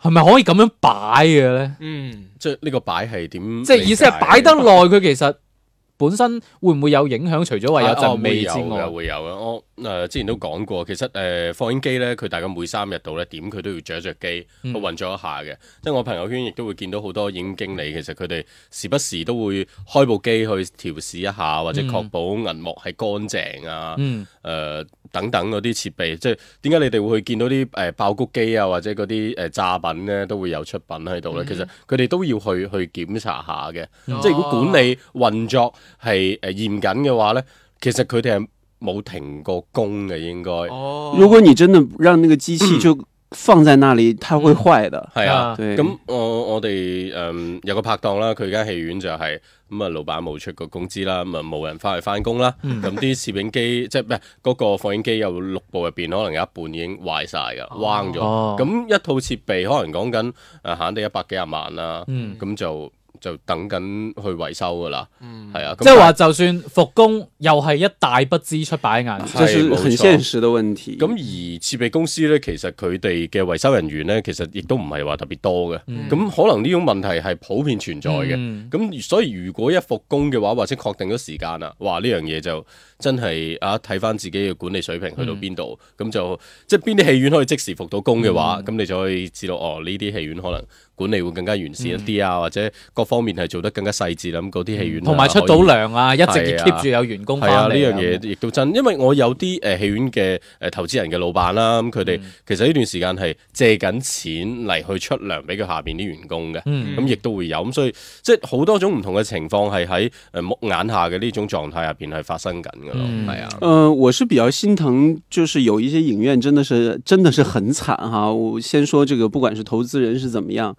係咪可以咁樣擺嘅咧？嗯，即係呢個擺係點？即係意思係擺得耐，佢其實本身會唔會有影響？除咗話有陣味之外，嗯、會，會有嘅。誒之前都講過，其實誒、呃、放映機咧，佢大概每三日度咧點，佢都要着一著機去、嗯、運作一下嘅。即係我朋友圈亦都會見到好多影影經、經理，其實佢哋時不時都會開部機去調試一下，或者確保銀幕係乾淨啊，誒、嗯呃、等等嗰啲設備。即係點解你哋會去見到啲誒、呃、爆谷機啊，或者嗰啲誒炸品咧都會有出品喺度咧？嗯、其實佢哋都要去去檢查下嘅。嗯嗯、即係如果管理運作係誒嚴謹嘅話咧，其實佢哋係。冇停過工嘅，應該。哦、如果你真的讓那個機器就放在那裡，嗯、它會壞的。係啊，咁對我我哋誒、嗯、有個拍檔啦，佢間戲院就係咁啊，老闆冇出過工資啦，咁啊冇人翻去翻工啦，咁啲攝影機即係咩？嗰、呃那個放映機有六部入邊，可能有一半已經壞晒噶，彎咗。咁、哦、一套設備可能講緊誒，肯、啊、定一百幾啊廿萬啦，咁就。就等緊去維修噶啦，係啊，即係話就算復工，又係一大筆支出擺喺眼前，就算很現實的問題。咁而設備公司呢，其實佢哋嘅維修人員呢，其實亦都唔係話特別多嘅。咁可能呢種問題係普遍存在嘅。咁所以如果一復工嘅話，或者確定咗時間啦，哇呢樣嘢就真係啊睇翻自己嘅管理水平去到邊度，咁就即係邊啲戲院可以即時復到工嘅話，咁你就可以知道哦呢啲戲院可能。管理會更加完善一啲啊，嗯、或者各方面係做得更加細緻啦。咁嗰啲戲院同、啊、埋出到糧啊，以一直 keep 住有員工。係啊，呢樣嘢亦都真，麼因為我有啲誒、呃、戲院嘅誒、呃、投資人嘅老闆啦、啊，咁佢哋其實呢段時間係借緊錢嚟去出糧俾佢下邊啲員工嘅，咁亦都會有咁，所以即係好多種唔同嘅情況係喺誒眼下嘅呢種狀態入邊係發生緊㗎咯。係、嗯、啊，誒、呃，我是比較心疼，就是有一些影院真的是真的是，真的是很慘哈、啊。我先說這個，不管是投資人是怎麼樣。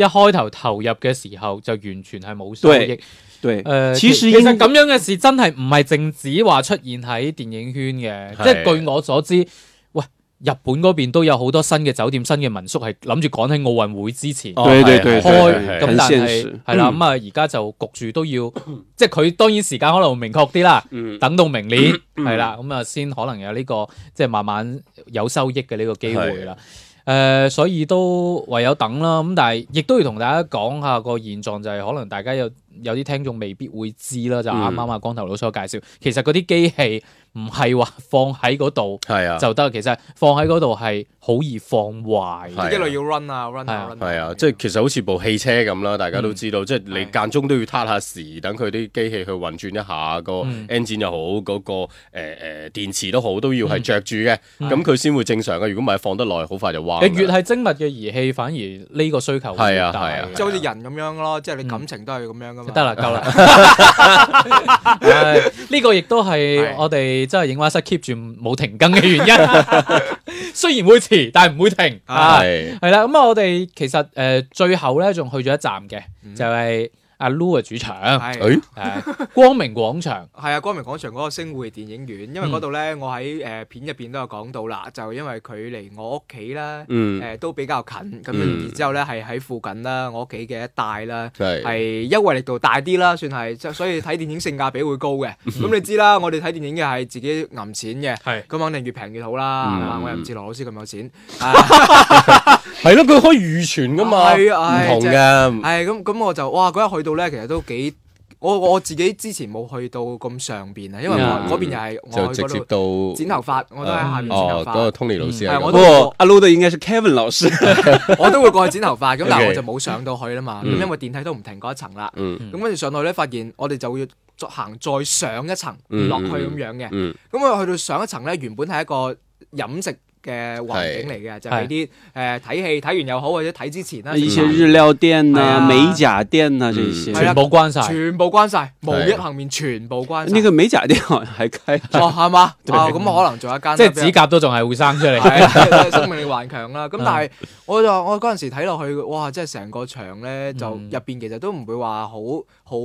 一開頭投入嘅時候就完全係冇收益。對，誒，其實咁樣嘅事真係唔係淨止話出現喺電影圈嘅，即係據我所知，喂，日本嗰邊都有好多新嘅酒店、新嘅民宿係諗住趕喺奧運會之前，對對對，開咁，但係係啦，咁啊而家就焗住都要，即係佢當然時間可能明確啲啦，等到明年係啦，咁啊先可能有呢個即係慢慢有收益嘅呢個機會啦。誒、呃，所以都唯有等啦。咁但係，亦都要同大家講下個現狀，就係可能大家有有啲聽眾未必會知啦。嗯、就啱啱啊，光頭佬所介紹，其實嗰啲機器。唔係話放喺嗰度係啊，就得其實放喺嗰度係好易放壞，一路要 run 啊 run 啊啊，即係其實好似部汽車咁啦，大家都知道，即係你間中都要撻下時，等佢啲機器去運轉一下個 engine 又好，嗰個誒誒電池都好，都要係着住嘅，咁佢先會正常嘅。如果唔係，放得耐，好快就壞。你越係精密嘅儀器，反而呢個需求係啊係啊，就好似人咁樣咯，即係你感情都係咁樣噶嘛。得啦，夠啦。呢個亦都係我哋。真係影畫室 keep 住冇停更嘅原因，雖然會遲，但係唔會停。係係啦，咁啊，嗯、我哋其實誒、呃、最後咧仲去咗一站嘅，嗯、就係、係。阿 Lu 嘅主場係，光明廣場係啊，光明廣場嗰個星匯電影院，因為嗰度咧，我喺誒片入邊都有講到啦，就因為佢離我屋企啦，誒都比較近，咁樣，然之後咧係喺附近啦，我屋企嘅一帶啦，係優惠力度大啲啦，算係，所以睇電影性價比會高嘅。咁你知啦，我哋睇電影嘅係自己揞錢嘅，咁肯定越平越好啦。我又唔似羅老師咁有錢，係咯，佢可以預存噶嘛，唔同嘅。係咁咁，我就哇嗰日去到。其實都幾，我我自己之前冇去到咁上邊啊，因為嗰邊又係我直接到剪頭髮，我都喺下面剪頭髮。哦，嗰個 Tony 老師，不過阿 Ludo 應該係 Kevin 老師，我都會過去剪頭髮。咁但係我就冇上到去啦嘛，咁因為電梯都唔停嗰一層啦。咁跟住上到咧，發現我哋就要行再上一層落去咁樣嘅。咁我去到上一層咧，原本係一個飲食嘅環境嚟嘅，就係啲誒睇戲睇完又好，或者睇之前啦。一些日料店啊、美甲店啊，這些全部關晒，全部關晒，無一幸免全部關晒。呢個美甲店喺街，哇係嘛？哇咁可能做一間，即係指甲都仲係會生出嚟，生命力頑強啦。咁但係我就我嗰陣時睇落去，哇！即係成個場咧，就入邊其實都唔會話好好。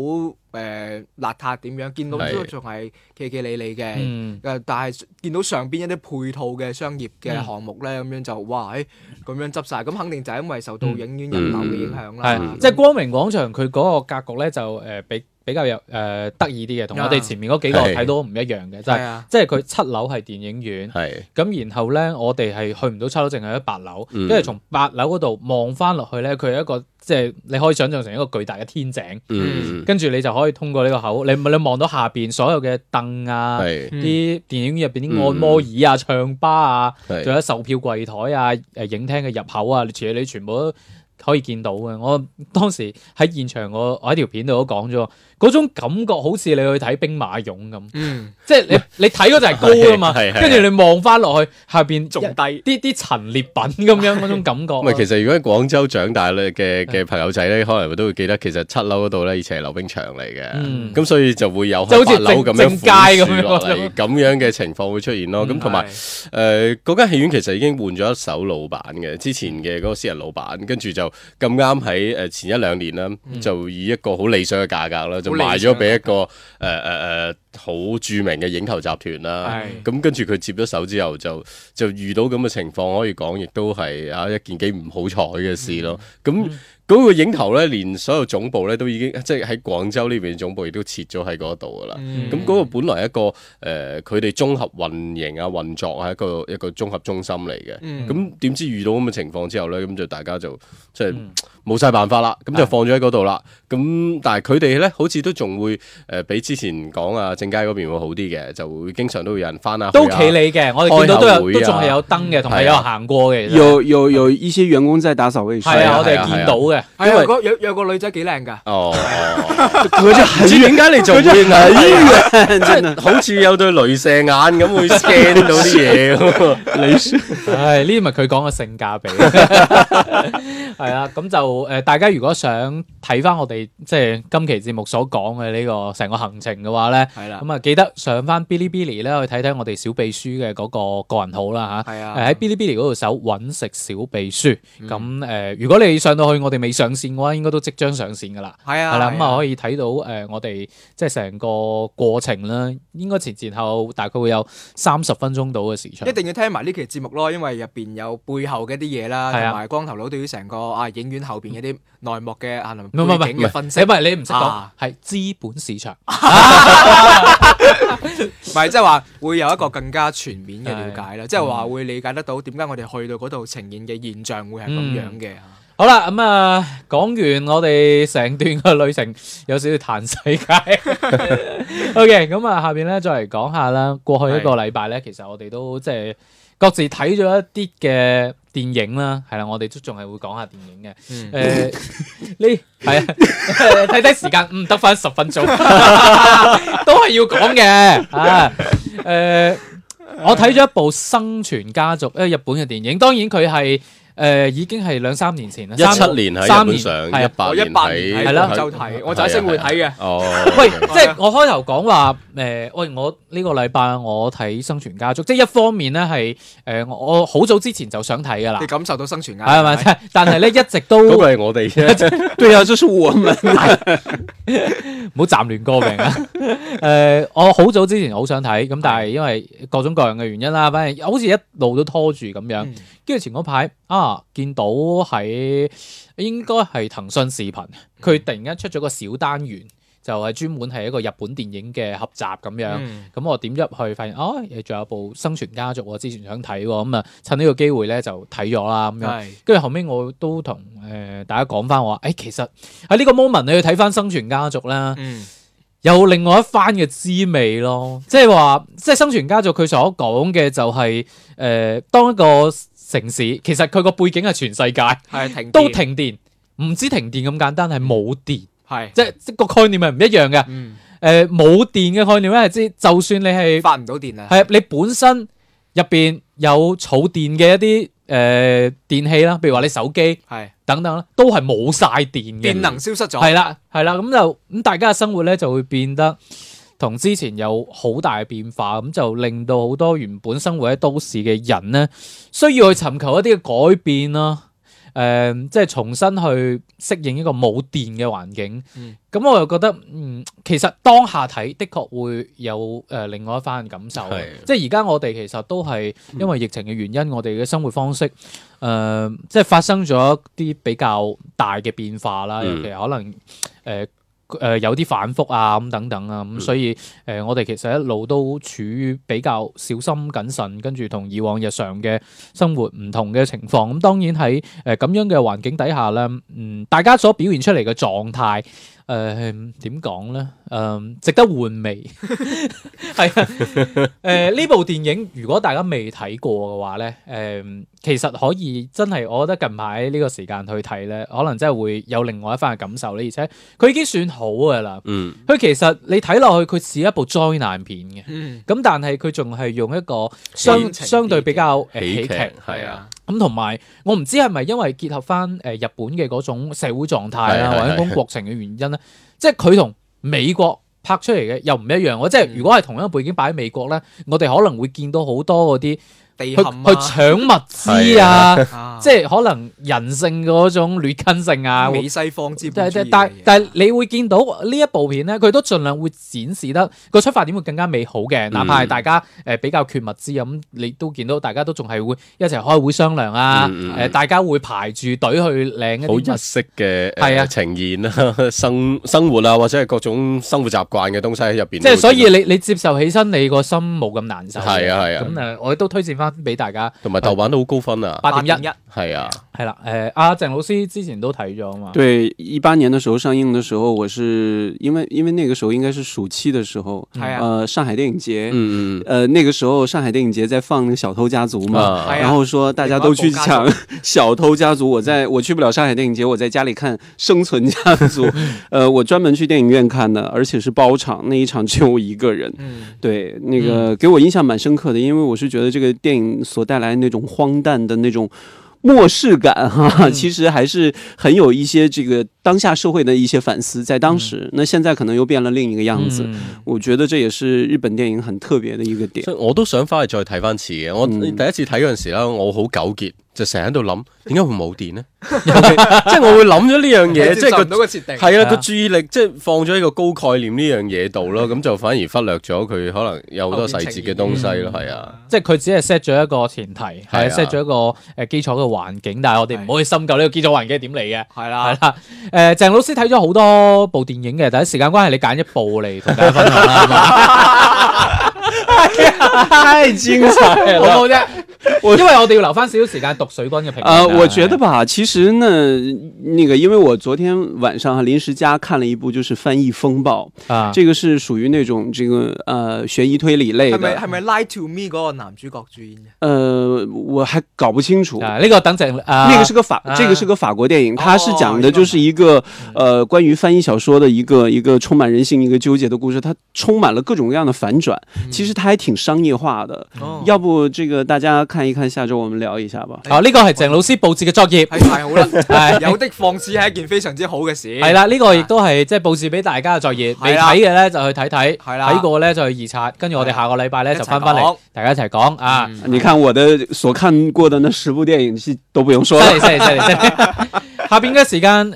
誒，邋遢點樣？見到呢都仲係企企理理嘅，的嗯、但係見到上邊一啲配套嘅商業嘅項目咧，咁、嗯、樣就哇，咁樣執晒，咁肯定就係因為受到影院人流嘅影響啦。即係光明廣場佢嗰個格局咧，就誒、呃、比。比較有誒、呃、得意啲嘅，同我哋前面嗰幾個睇到唔一樣嘅，即係即係佢七樓係電影院，咁是然後咧我哋係去唔到七樓，淨係喺八樓，因為從八樓嗰度望翻落去咧，佢係一個即係、就是、你可以想像成一個巨大嘅天井，跟住、嗯、你就可以通過呢個口，你望到下邊所有嘅凳啊，啲是、嗯、電影院入邊啲按摩椅啊、嗯、唱吧啊，仲是是有售票櫃台啊、誒影廳嘅入口啊，你全部都可以見到嘅，我當時喺現場，我我喺條片度都講咗，嗰種感覺好似你去睇兵馬俑咁，即係你你睇嗰度係高㗎嘛，跟住你望翻落去下邊仲低啲啲陳列品咁樣嗰種感覺。唔係，其實如果喺廣州長大咧嘅嘅朋友仔咧，可能都會記得，其實七樓嗰度咧以前係溜冰場嚟嘅，咁所以就會有好似正正街咁樣嘅情況會出現咯。咁同埋誒嗰間戲院其實已經換咗一手老闆嘅，之前嘅嗰個私人老闆跟住就。咁啱喺誒前一兩年啦，嗯、就以一個好理想嘅價格啦，就賣咗俾一個誒誒誒好著名嘅影頭集團啦。咁的跟住佢接咗手之後就，就就遇到咁嘅情況，可以講，亦都係啊一件幾唔好彩嘅事咯。咁、嗯那嗯嗰個影頭咧，連所有總部咧都已經，即係喺廣州呢邊總部亦都設咗喺嗰度噶啦。咁嗰、嗯、個本來一個誒，佢、呃、哋綜合運營啊、運作係一個一個綜合中心嚟嘅。咁點、嗯、知遇到咁嘅情況之後咧，咁就大家就即係。就是嗯.冇晒辦法啦，咁就放咗喺嗰度啦。咁但係佢哋咧，好似都仲會誒，比之前講啊正佳嗰邊會好啲嘅，就會經常都會有人翻啊。都企你嘅，我哋見到都有，都仲係有燈嘅，同埋有行過嘅。有有有一些員工在打掃衛生。係啊，我哋見到嘅。因為個有有個女仔幾靚噶。哦，唔知點解你做要啊？真係好似有對鐳射眼咁會驚到啲嘢。你叔，唉，呢啲咪佢講嘅性價比。係啊，咁就。誒，大家如果想睇翻我哋即係今期節目所講嘅呢個成個行程嘅話咧，係啦的，咁啊記得上翻嗶哩嗶哩咧去睇睇我哋小秘書嘅嗰個個人號啦吓，係啊的，喺嗶哩嗶哩嗰度搜揾食小秘書，咁誒、嗯呃，如果你上到去我哋未上線嘅話，應該都即將上線噶啦，係啦的，咁啊可以睇到誒的、呃、我哋即係成個過程啦，應該前前後大概會有三十分鐘到嘅時長，一定要聽埋呢期節目咯，因為入邊有背後嘅一啲嘢啦，同埋的光頭佬對於成個啊影院後。邊嗰啲內幕嘅啊，背景嘅分析，唔係你唔識講，係、啊、資本市場，唔係，即係話會有一個更加全面嘅了解啦，即係話會理解得到點解我哋去到嗰度呈現嘅現象會係咁樣嘅，嗯。好啦，咁、嗯、啊講完我哋成段嘅旅程，有少少彈世界。 OK，咁、嗯、啊下邊咧再嚟講下啦，過去一個禮拜咧，的其實我哋都即係。各自睇咗一啲嘅電影啦，係啦，我哋都仲係會講下電影嘅。誒、嗯呃，呢係啊，睇睇時間，唔得翻十分鐘， 都係要講嘅。啊，誒、呃，我睇咗一部《生存家族》，因為日本嘅電影，當然佢係。誒，已經係兩三年前啦，一七年喺日本上，一八係啦，周睇，我就係星會睇嘅。哦，喂，即係我開頭講話，誒，喂，我呢個禮拜我睇生存家族，即係一方面咧係，誒，我好早之前就想睇噶啦，你感受到生存家族係咪？但係咧一直都都係我哋，對啊，就是我問題，唔好斬亂歌名啊。誒，我好早之前好想睇，咁但係因為各種各樣嘅原因啦，反正好似一路都拖住咁樣，跟住前嗰排。啊！見到喺應該係騰訊視頻，佢突然間出咗個小單元，就係、是、專門係一個日本電影嘅合集咁、嗯、樣。咁我點入去發現，哦、啊，仲有部《生存家族》我之前想睇喎，咁、嗯、啊，趁呢個機會咧就睇咗啦咁樣。跟住對 後尾我都同誒、呃、大家講翻，我話誒，其實喺呢個 moment 你去睇翻《生存家族》啦、嗯。」有另外一番嘅滋味咯。即係話，即係《生存家族、就是》佢所講嘅就係誒，當一個。城市其實佢個背景係全世界，係停都停電，唔知停電咁簡單，係冇電，係的即係個概念係唔一樣嘅。誒冇、嗯呃、電嘅概念咧係知，就算你係發唔到電啦，係的的你本身入邊有儲電嘅一啲誒、呃、電器啦，譬如話你手機係的等等啦，都係冇晒電嘅，電能消失咗，係啦係啦，咁就咁大家嘅生活咧就會變得。同之前有好大嘅變化，咁就令到好多原本生活喺都市嘅人呢，需要去尋求一啲嘅改變啦。誒、呃，即係重新去適應一個冇電嘅環境。咁、嗯、我又覺得，嗯，其實當下睇的確會有誒、呃、另外一番感受。的即係而家我哋其實都係因為疫情嘅原因，嗯、我哋嘅生活方式誒、呃，即係發生咗一啲比較大嘅變化啦。嗯、尤其可能誒。呃誒，有啲反覆啊，咁等等啊，咁所以誒，我哋其實一路都處於比較小心謹慎，跟住同以往日常嘅生活唔同嘅情況。咁當然喺誒咁樣嘅環境底下咧，嗯，大家所表現出嚟嘅狀態。誒，點講咧？誒、呃，值得玩味係啊！誒，呢部電影如果大家未睇過嘅話咧，誒、呃，其實可以真係，我覺得近排呢個時間去睇咧，可能真係會有另外一番嘅感受咧。而且佢已經算好嘅啦。佢、嗯、其實你睇落去，佢似一部災難片嘅。嗯，咁但係佢仲係用一個相起情 相，相對比較情、呃、喜劇係啊。咁同埋，我唔知係咪因為結合翻誒日本嘅嗰種社會狀態啦， 或者嗰種國情嘅原因咧， 即係佢同美國拍出嚟嘅又唔一樣。我 即係如果係同一個背景擺喺美國咧，我哋可能會見到好多嗰啲，去搶物資啊！即係可能人性嗰種劣根性啊，美西方資本主義，但係但係你會見到呢一部片咧，佢都盡量會展示得個出發點會更加美好嘅。哪怕係大家誒比較缺物資啊，咁你都見到大家都仲係會一齊開會商量啊。誒大家會排住隊去領一啲。好日式嘅係啊呈現啦，生生活啊，或者係各種生活習慣嘅東西喺入邊，即係所以你你接受起身，你個心冇咁難受。係啊係啊，咁誒我都推薦翻。俾大家，同埋豆瓣都好高分啊，八點一，一，係啊，係啦，誒，阿鄭老師之前都睇咗啊嘛，對，一八年的時候上映的時候，我是因為因為那個時候應該是暑期的時候，係啊，誒，上海電影節，嗯嗯，誒，那個時候上海電影節在放《小偷家族》嘛，然後說大家都去搶《小偷家族》，我在我去不了上海電影節，我在家裏看《生存家族》，誒，我專門去電影院看的，而且是包場，那一場只有我一個人，嗯，對，那個給我印象蠻深刻的，因為我是覺得這個電。所帶來的那種荒誕的那種漠視感，哈，其實還是很有一些這個當下社會的一些反思，在當時。那現在可能又變了另一個樣子，我覺得這也是日本電影很特別的一個點。我都想翻去再睇翻次嘅，我第一次睇嗰陣時咧，我好糾結。就成日喺度諗，點解會冇電呢？即係我會諗咗呢樣嘢，即係個設定係啦，個注意力即係放咗喺個高概念，呢樣嘢度咯，咁就反而忽略咗佢可能有好多細節嘅東西咯，係啊，即係佢只係 set 咗一個前提，係 set 咗一個誒基礎嘅環境，但係我哋唔可以深究呢個基礎環境係點嚟嘅？係啦係啦。誒，鄭老師睇咗好多部電影嘅，但係時間關係，你揀一部嚟同大家分享啦。太精彩啦！好好啫！ 因為我哋要留翻少少時間讀水軍嘅評論。我覺得吧，其實呢，那個因為我昨天晚上啊臨時加看了一部，就是《翻譯風暴》啊，這個是屬於那種這個，呃，懸疑推理類的。係咪係咪 Lie to Me 嗰個男主角主演？呃，我還搞不清楚。啊，那、這個等陣，啊、那個是個法，這個是個法國電影，啊、它是講的就是一個，啊、呃，關於翻譯小說的一個一個充滿人性一個糾結的故事，它充滿了各種各樣的反轉。嗯、其實它還挺商業化的。要不這個大家。看一看下周我們聊一下吧。好、哎，呢個係鄭老師布置嘅作業，係太好啦， 有的放矢係一件非常之好嘅事。係啦， 呢、這個亦都係即係布置俾大家嘅作業，未睇嘅呢就去睇睇，睇了過呢就去二刷，跟住我哋下個禮拜呢了就翻翻嚟，大家一齊講啊！嗯、你看我的所看過的那十部電影都不用說了。真 下邊嘅時間，誒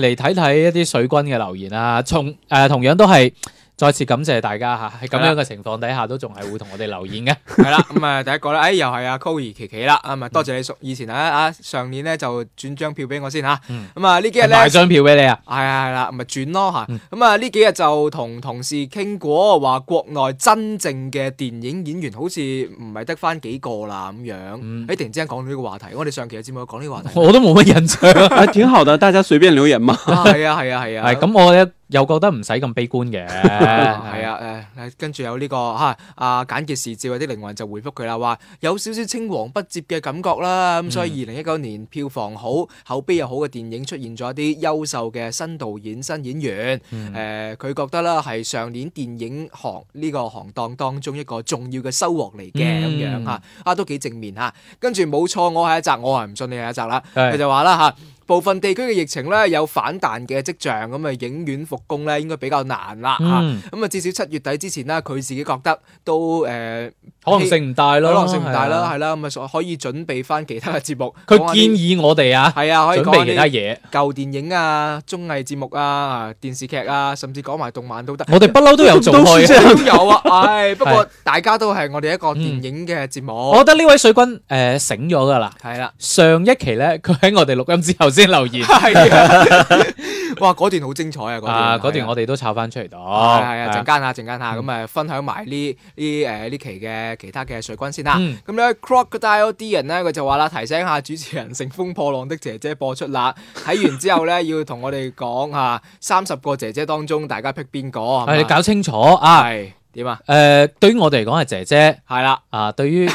嚟睇睇一啲水軍嘅留言啊，同誒、呃、同樣都係。再次感謝大家吓，喺咁樣嘅情況底下都仲係會同我哋留言嘅。係啦，咁啊第一個咧，誒又係阿 Coir 琪琪啦，啊咪多謝你熟以前咧啊上年咧就轉張票俾我先吓，咁啊呢幾日咧買張票俾你啊，係啊係啦，咪轉咯吓，咁啊呢幾日就同同事傾過，話國內真正嘅電影演員好似唔係得返幾個啦咁樣，喺突然之間講到呢個話題，我哋上期嘅節目講呢個話題，我都冇乜印象。挺好的，大家隨便留言嘛。係啊係啊係啊，咁我咧。又覺得唔使咁悲觀嘅、 啊，係啊誒，跟住有呢、這個嚇阿、啊、簡潔時照有啲靈魂就回覆佢啦，話有少少青黃不接嘅感覺啦，咁、嗯、所以二零一九年票房好口碑又好嘅電影出現咗一啲優秀嘅新導演、新演員，誒佢、嗯呃、覺得啦係上年電影行呢個行當當中一個重要嘅收穫嚟嘅咁樣啊。啊都幾正面啊，跟住冇錯我係一集，我係唔信你係一集啦，佢對就話啦嚇。啊部分地區嘅疫情咧有反彈嘅跡象，咁、嗯、啊影院復工咧應該比較難啦嚇。咁、嗯、啊至少七月底之前呢，佢自己覺得都誒、呃、可能性唔大咯，可能性唔大咯，係啦、啊。咁啊可可以準備返其他嘅節目。佢建議我哋啊，係啊，可以講其他嘢，舊電影啊、綜藝節目啊、電視劇啊，甚至講埋動漫 都得。我哋不嬲都有做開，都有啊。唉、哎，不過是大家都係我哋一個電影嘅節目、嗯。我覺得呢位水軍誒、呃、醒咗噶啦。係啦的，上一期咧佢喺我哋錄音之後。先留言，係啊！哇，嗰段好精彩啊！嗰段，嗰段我哋都炒翻出嚟到！係啊！陣間吓，陣間吓，咁啊，分享埋呢呢誒呢期嘅其他嘅水軍，先啦。咁咧，Crocodile 啲人咧，佢就話啦，提醒下主持人《乘風破浪的姐姐》播出啦。睇完之後咧，要同我哋講嚇，三十個姐姐當中，大家 pick 邊個？係你搞清楚啊？係點啊？誒，對於我哋嚟講係姐姐，係啦，啊，對於。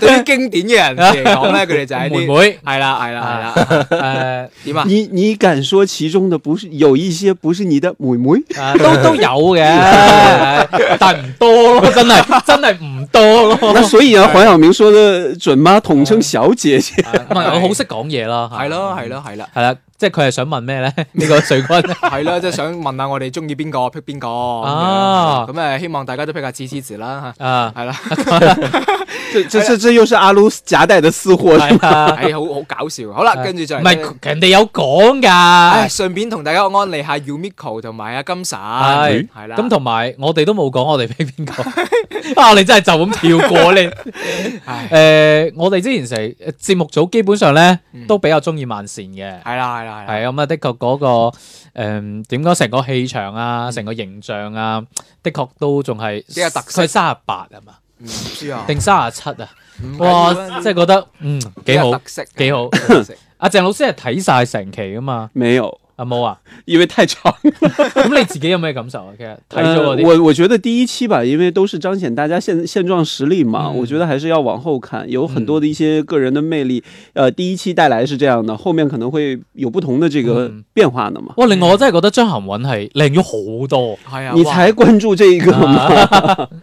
對於經典嘅人嚟講咧，佢哋就係妹妹，係啦係啦係啦。誒，點啊？你你敢說其中嘅，不是有一些不是你的妹妹？都都有嘅，但唔多咯，真係真係唔多咯。所以啊，黃曉明說得準嗎？統稱小姐姐，唔係我好識講嘢啦，係咯係咯係啦係啦。即係佢係想問咩咧？呢個瑞君係啦，即係想問下我哋中意邊個 pick 邊個咁，誒，希望大家都 pick 下芝芝子啦。啊，係啦。這這這這又是阿盧夾帶的私貨，係啊，哎呀，好好搞笑。好啦，跟住就唔係人哋有講噶，順便同大家安利下 Yumiko 同埋阿金莎係係啦。咁同埋我哋都冇講，我哋 pick 邊個啊？我哋真係就咁跳過你？誒，我哋之前成節目組基本上咧都比較中意萬善嘅，係啦。.係啊，咁啊、嗯，的確嗰、那個誒，點、呃、講？成個氣場啊，成、嗯、個形象啊，的確都仲係比較特色。三十八係嘛？唔知啊？定三十七啊？哇！即係覺得嗯，幾好，幾好。阿鄭老師係睇晒成期噶嘛？沒有。阿毛啊，啊因為太長。咁你自己有咩感受啊？其實，睇咗我我覺得第一期吧，因為都是彰顯大家現現狀實力嘛，我覺得還是要往後看，有很多的一些個人的魅力。誒、呃，第一期帶來是這樣的，後面可能會有不同的這個變化的嘛。嗯、哇我另外真係覺得張含韻係靚咗好多，係、嗯、啊，你才關注這一個嘛。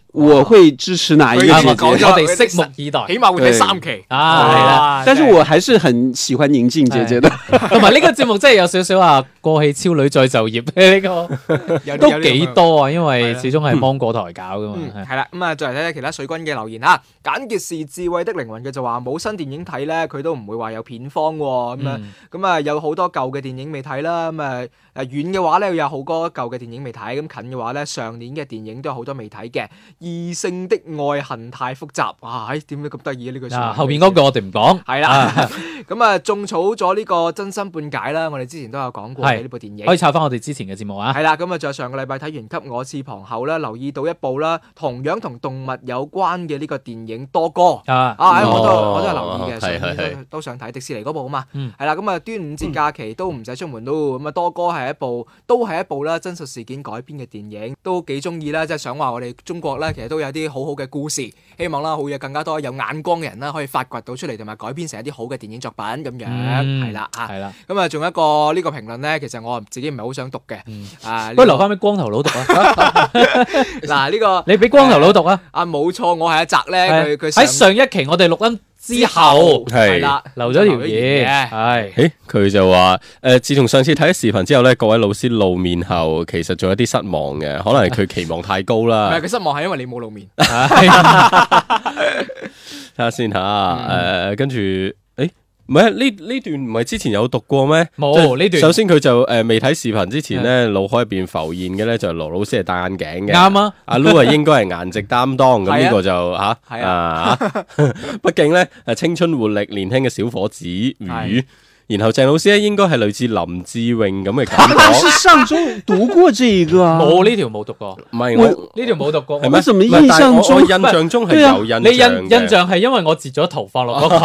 哦、我會支持哪一個姐姐？是是我哋拭目以待，起碼會睇三期啊、哦、啊！但是我還是很喜歡寧靜姐姐的。同埋呢個節目真係有少少啊，過氣超女再就業呢，這個都幾多啊！因為始終係芒果台搞噶嘛。係啦，嗯，咁啊，再嚟睇睇其他水軍嘅留言啦。簡潔是智慧的靈魂嘅就話冇新電影睇咧，佢都唔會話有片荒咁，哦、樣。咁，嗯、啊、嗯嗯嗯嗯，有好多舊嘅電影未睇啦。咁，嗯、啊，遠嘅話咧有好多舊嘅電影未睇，咁近嘅話咧上年嘅電影都有好多未睇嘅。異性的愛恨太複雜，哇！點解咁得意呢句說話。後面嗰句我哋唔講。係啦，咁啊種草咗呢個《真心半解》啦，我哋之前都有講過喺呢部電影。可以查返我哋之前嘅節目啊。係啦，咁啊，仲有上個禮拜睇完《給我翅膀》後咧，留意到一部啦，同樣同動物有關嘅呢個電影《多哥》。啊。我都我都係留意嘅，都想睇迪士尼嗰部啊嘛。嗯。係啦，咁啊，端午節假期都唔使出門囉，咁啊，《多哥》係一部都係一部啦真實事件改編嘅電影，都幾中意啦，即係想話我哋中國咧。其實都有啲好好嘅故事，希望啦好嘢，更加多有眼光嘅人啦，可以發掘到出嚟，同埋改編成一啲好嘅電影作品咁樣，係啦吓，係啦的。咁啊的，仲有一個呢個評論咧，其實我自己唔係好想讀嘅，嗯、啊，不如留翻俾光頭佬讀啊。嗱，呢個你俾光頭佬讀啊。啊，冇錯，我係阿澤咧。喺上一期我哋錄音。之後係啦，的留咗條嘢，係，誒的，佢的、欸、就話，誒、呃，自從上次睇咗視頻之後咧，各位老師露面後，其實仲有啲失望嘅，可能係佢期望太高啦，唔係佢失望係因為你冇露面，睇下先吓，誒、嗯呃，跟住。唔係呢，呢段唔係之前有讀過咩？冇呢段。首先佢就誒，未睇視頻之前咧，腦的海入邊浮現嘅咧就係、是、羅老師係戴眼鏡嘅。啱啊！阿 Lu 係應該係顏值擔當咁，呢 個就嚇 啊！是的 畢竟咧，誒青春活力年輕嘅小伙子與。然後鄭老師咧應該係類似林志穎咁嘅感覺。我上中讀過這個啊，冇呢條冇讀過，唔係我呢條冇讀過，係咩嗎？唔係，但係我，我印象中係有印象是你印印象係因為我截咗頭髮落嗰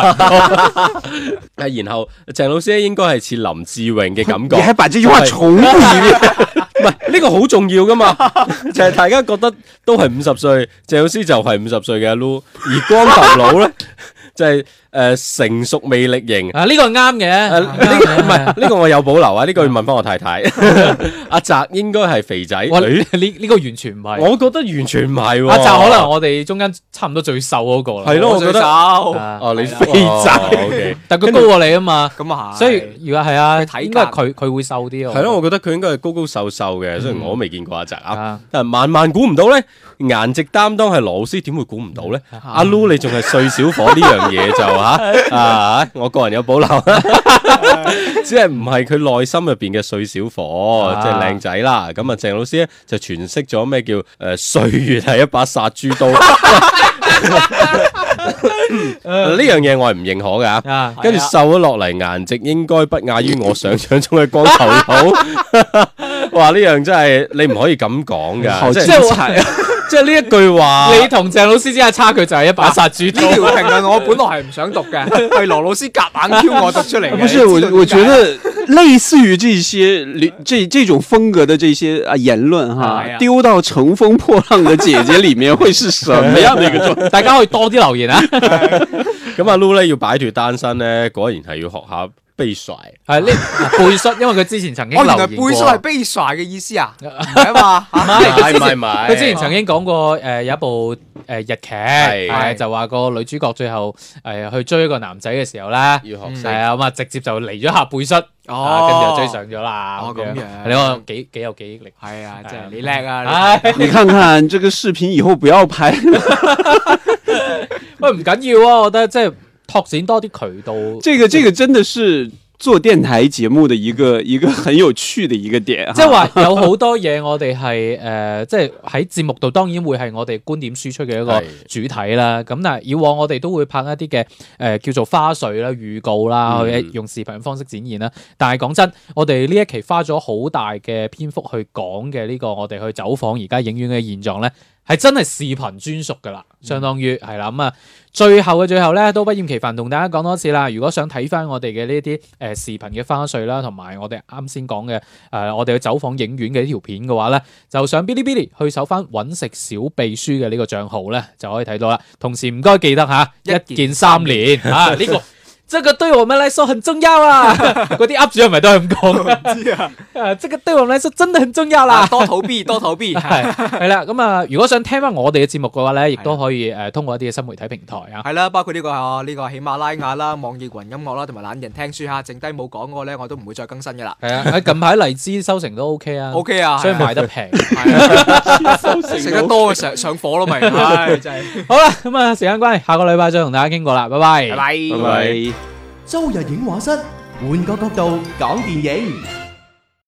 排然後鄭老師咧應該係似林志穎嘅感覺。你喺白紙畫草啊？唔係呢個好重要噶嘛？ 就係大家覺得都係五十歲，鄭老師就係五十歲嘅阿 Lu，而光頭佬咧就係、是。誒，成熟魅力型啊，呢個啱嘅。呢個唔係呢個，我有保留啊。呢個要問翻我太太。阿澤應該係肥仔，呢呢個完全唔係。我覺得完全唔係。阿澤可能我哋中間差唔多最瘦嗰個。係咯，我覺得。哦，你肥仔，但係佢高過你啊嘛。咁啊所以如果係啊，應該佢佢會瘦啲。係咯，我覺得佢應該係高高瘦瘦嘅。雖然我都未見過阿澤啊，但係萬萬估唔到咧，顏值擔當係羅斯，點會估唔到咧？阿 Lu 你仲係帥小伙呢樣嘢就啊啊！我個人有保留啦，只係唔係佢內心入邊嘅帥小伙，即係靚仔啦。咁啊，鄭老師呢就詮釋咗咩叫誒歲月係一把殺豬刀。誒呢樣嘢我係唔認可嘅啊！跟住瘦咗落嚟，顏值應該不亞於我想象中嘅光頭佬。話呢樣真係你唔可以咁講嘅，即係。即係呢一句話， 你同鄭老師之間差距就係一把殺住。呢條評論我本來係唔想讀嘅，係 羅老師夾硬挑我讀出嚟。我會會覺得，類似於呢啲這這種風格嘅這些啊言論哈，丟到《乘風破浪嘅姐姐》裡面會是神一樣嚟嘅。 大家可以多啲留言啊。咁 阿 Lulu 要擺脱單身咧，果然係要學下。背甩係，呢背摔。因為佢之前曾經留言過背摔係背甩嘅意思啊，係嘛？唔係唔係，佢之前曾經講過誒，有一部誒日劇係就話個女主角最後誒去追個男仔嘅時候咧，要學晒咁啊，直接就嚟咗下背摔哦，跟住就追上咗啦。咁樣，你我幾幾有記憶力係啊，即係你叻啊！你你看看這個視頻以後不要拍喂，唔緊要啊，我覺得即係。拓展多啲渠道，這個這個真的是做電台節目的一個、嗯、一個很有趣的一個點，即係話有好多嘢我哋係誒，即係喺節目度當然會係我哋觀點輸出嘅一個主體啦。咁是但係以往我哋都會拍一啲嘅誒叫做花絮啦、預告啦，用視頻方式展現啦。嗯、但係講真，我哋呢一期花咗好大嘅篇幅去講嘅呢個，我哋去走訪而家影院嘅現狀呢。係真係視頻專屬噶啦，相當於係啦咁啊！最後嘅最後咧，都不厭其煩同大家講多次啦。如果想睇翻我哋嘅呢啲誒視頻嘅花絮啦，同埋我哋啱先講嘅誒我哋去走訪影院嘅呢條片嘅話咧，就上嗶哩嗶哩去搜翻揾食小秘書嘅呢個賬號咧，就可以睇到啦。同時唔該記得吓，啊、一鍵三連啊呢、這個。 即個對我們嚟說很重要啊，嗰啲 up 主係咪都係咁講？係啊，啊，即個對我們嚟說真的很重要啦、啊。 多投幣，多投幣，係係啦。咁啊，如果想聽翻我哋嘅節目嘅話咧，亦都可以誒通過一啲嘅新媒體平台啊。係啦，包括呢個啊呢、呢個喜馬拉雅啦、網易雲音樂啦，同埋懶人聽書吓。剩低冇講過咧，我都唔會再更新噶啦。係啊，喺近排荔枝收成都 OK 啊，OK 啊，所以賣得平。 收成食得多啊，上上火咯咪。真係好啦，咁啊，時間關係，下個禮拜再同大家傾過啦，拜拜，拜拜。周日影畫室，換個角度講電影。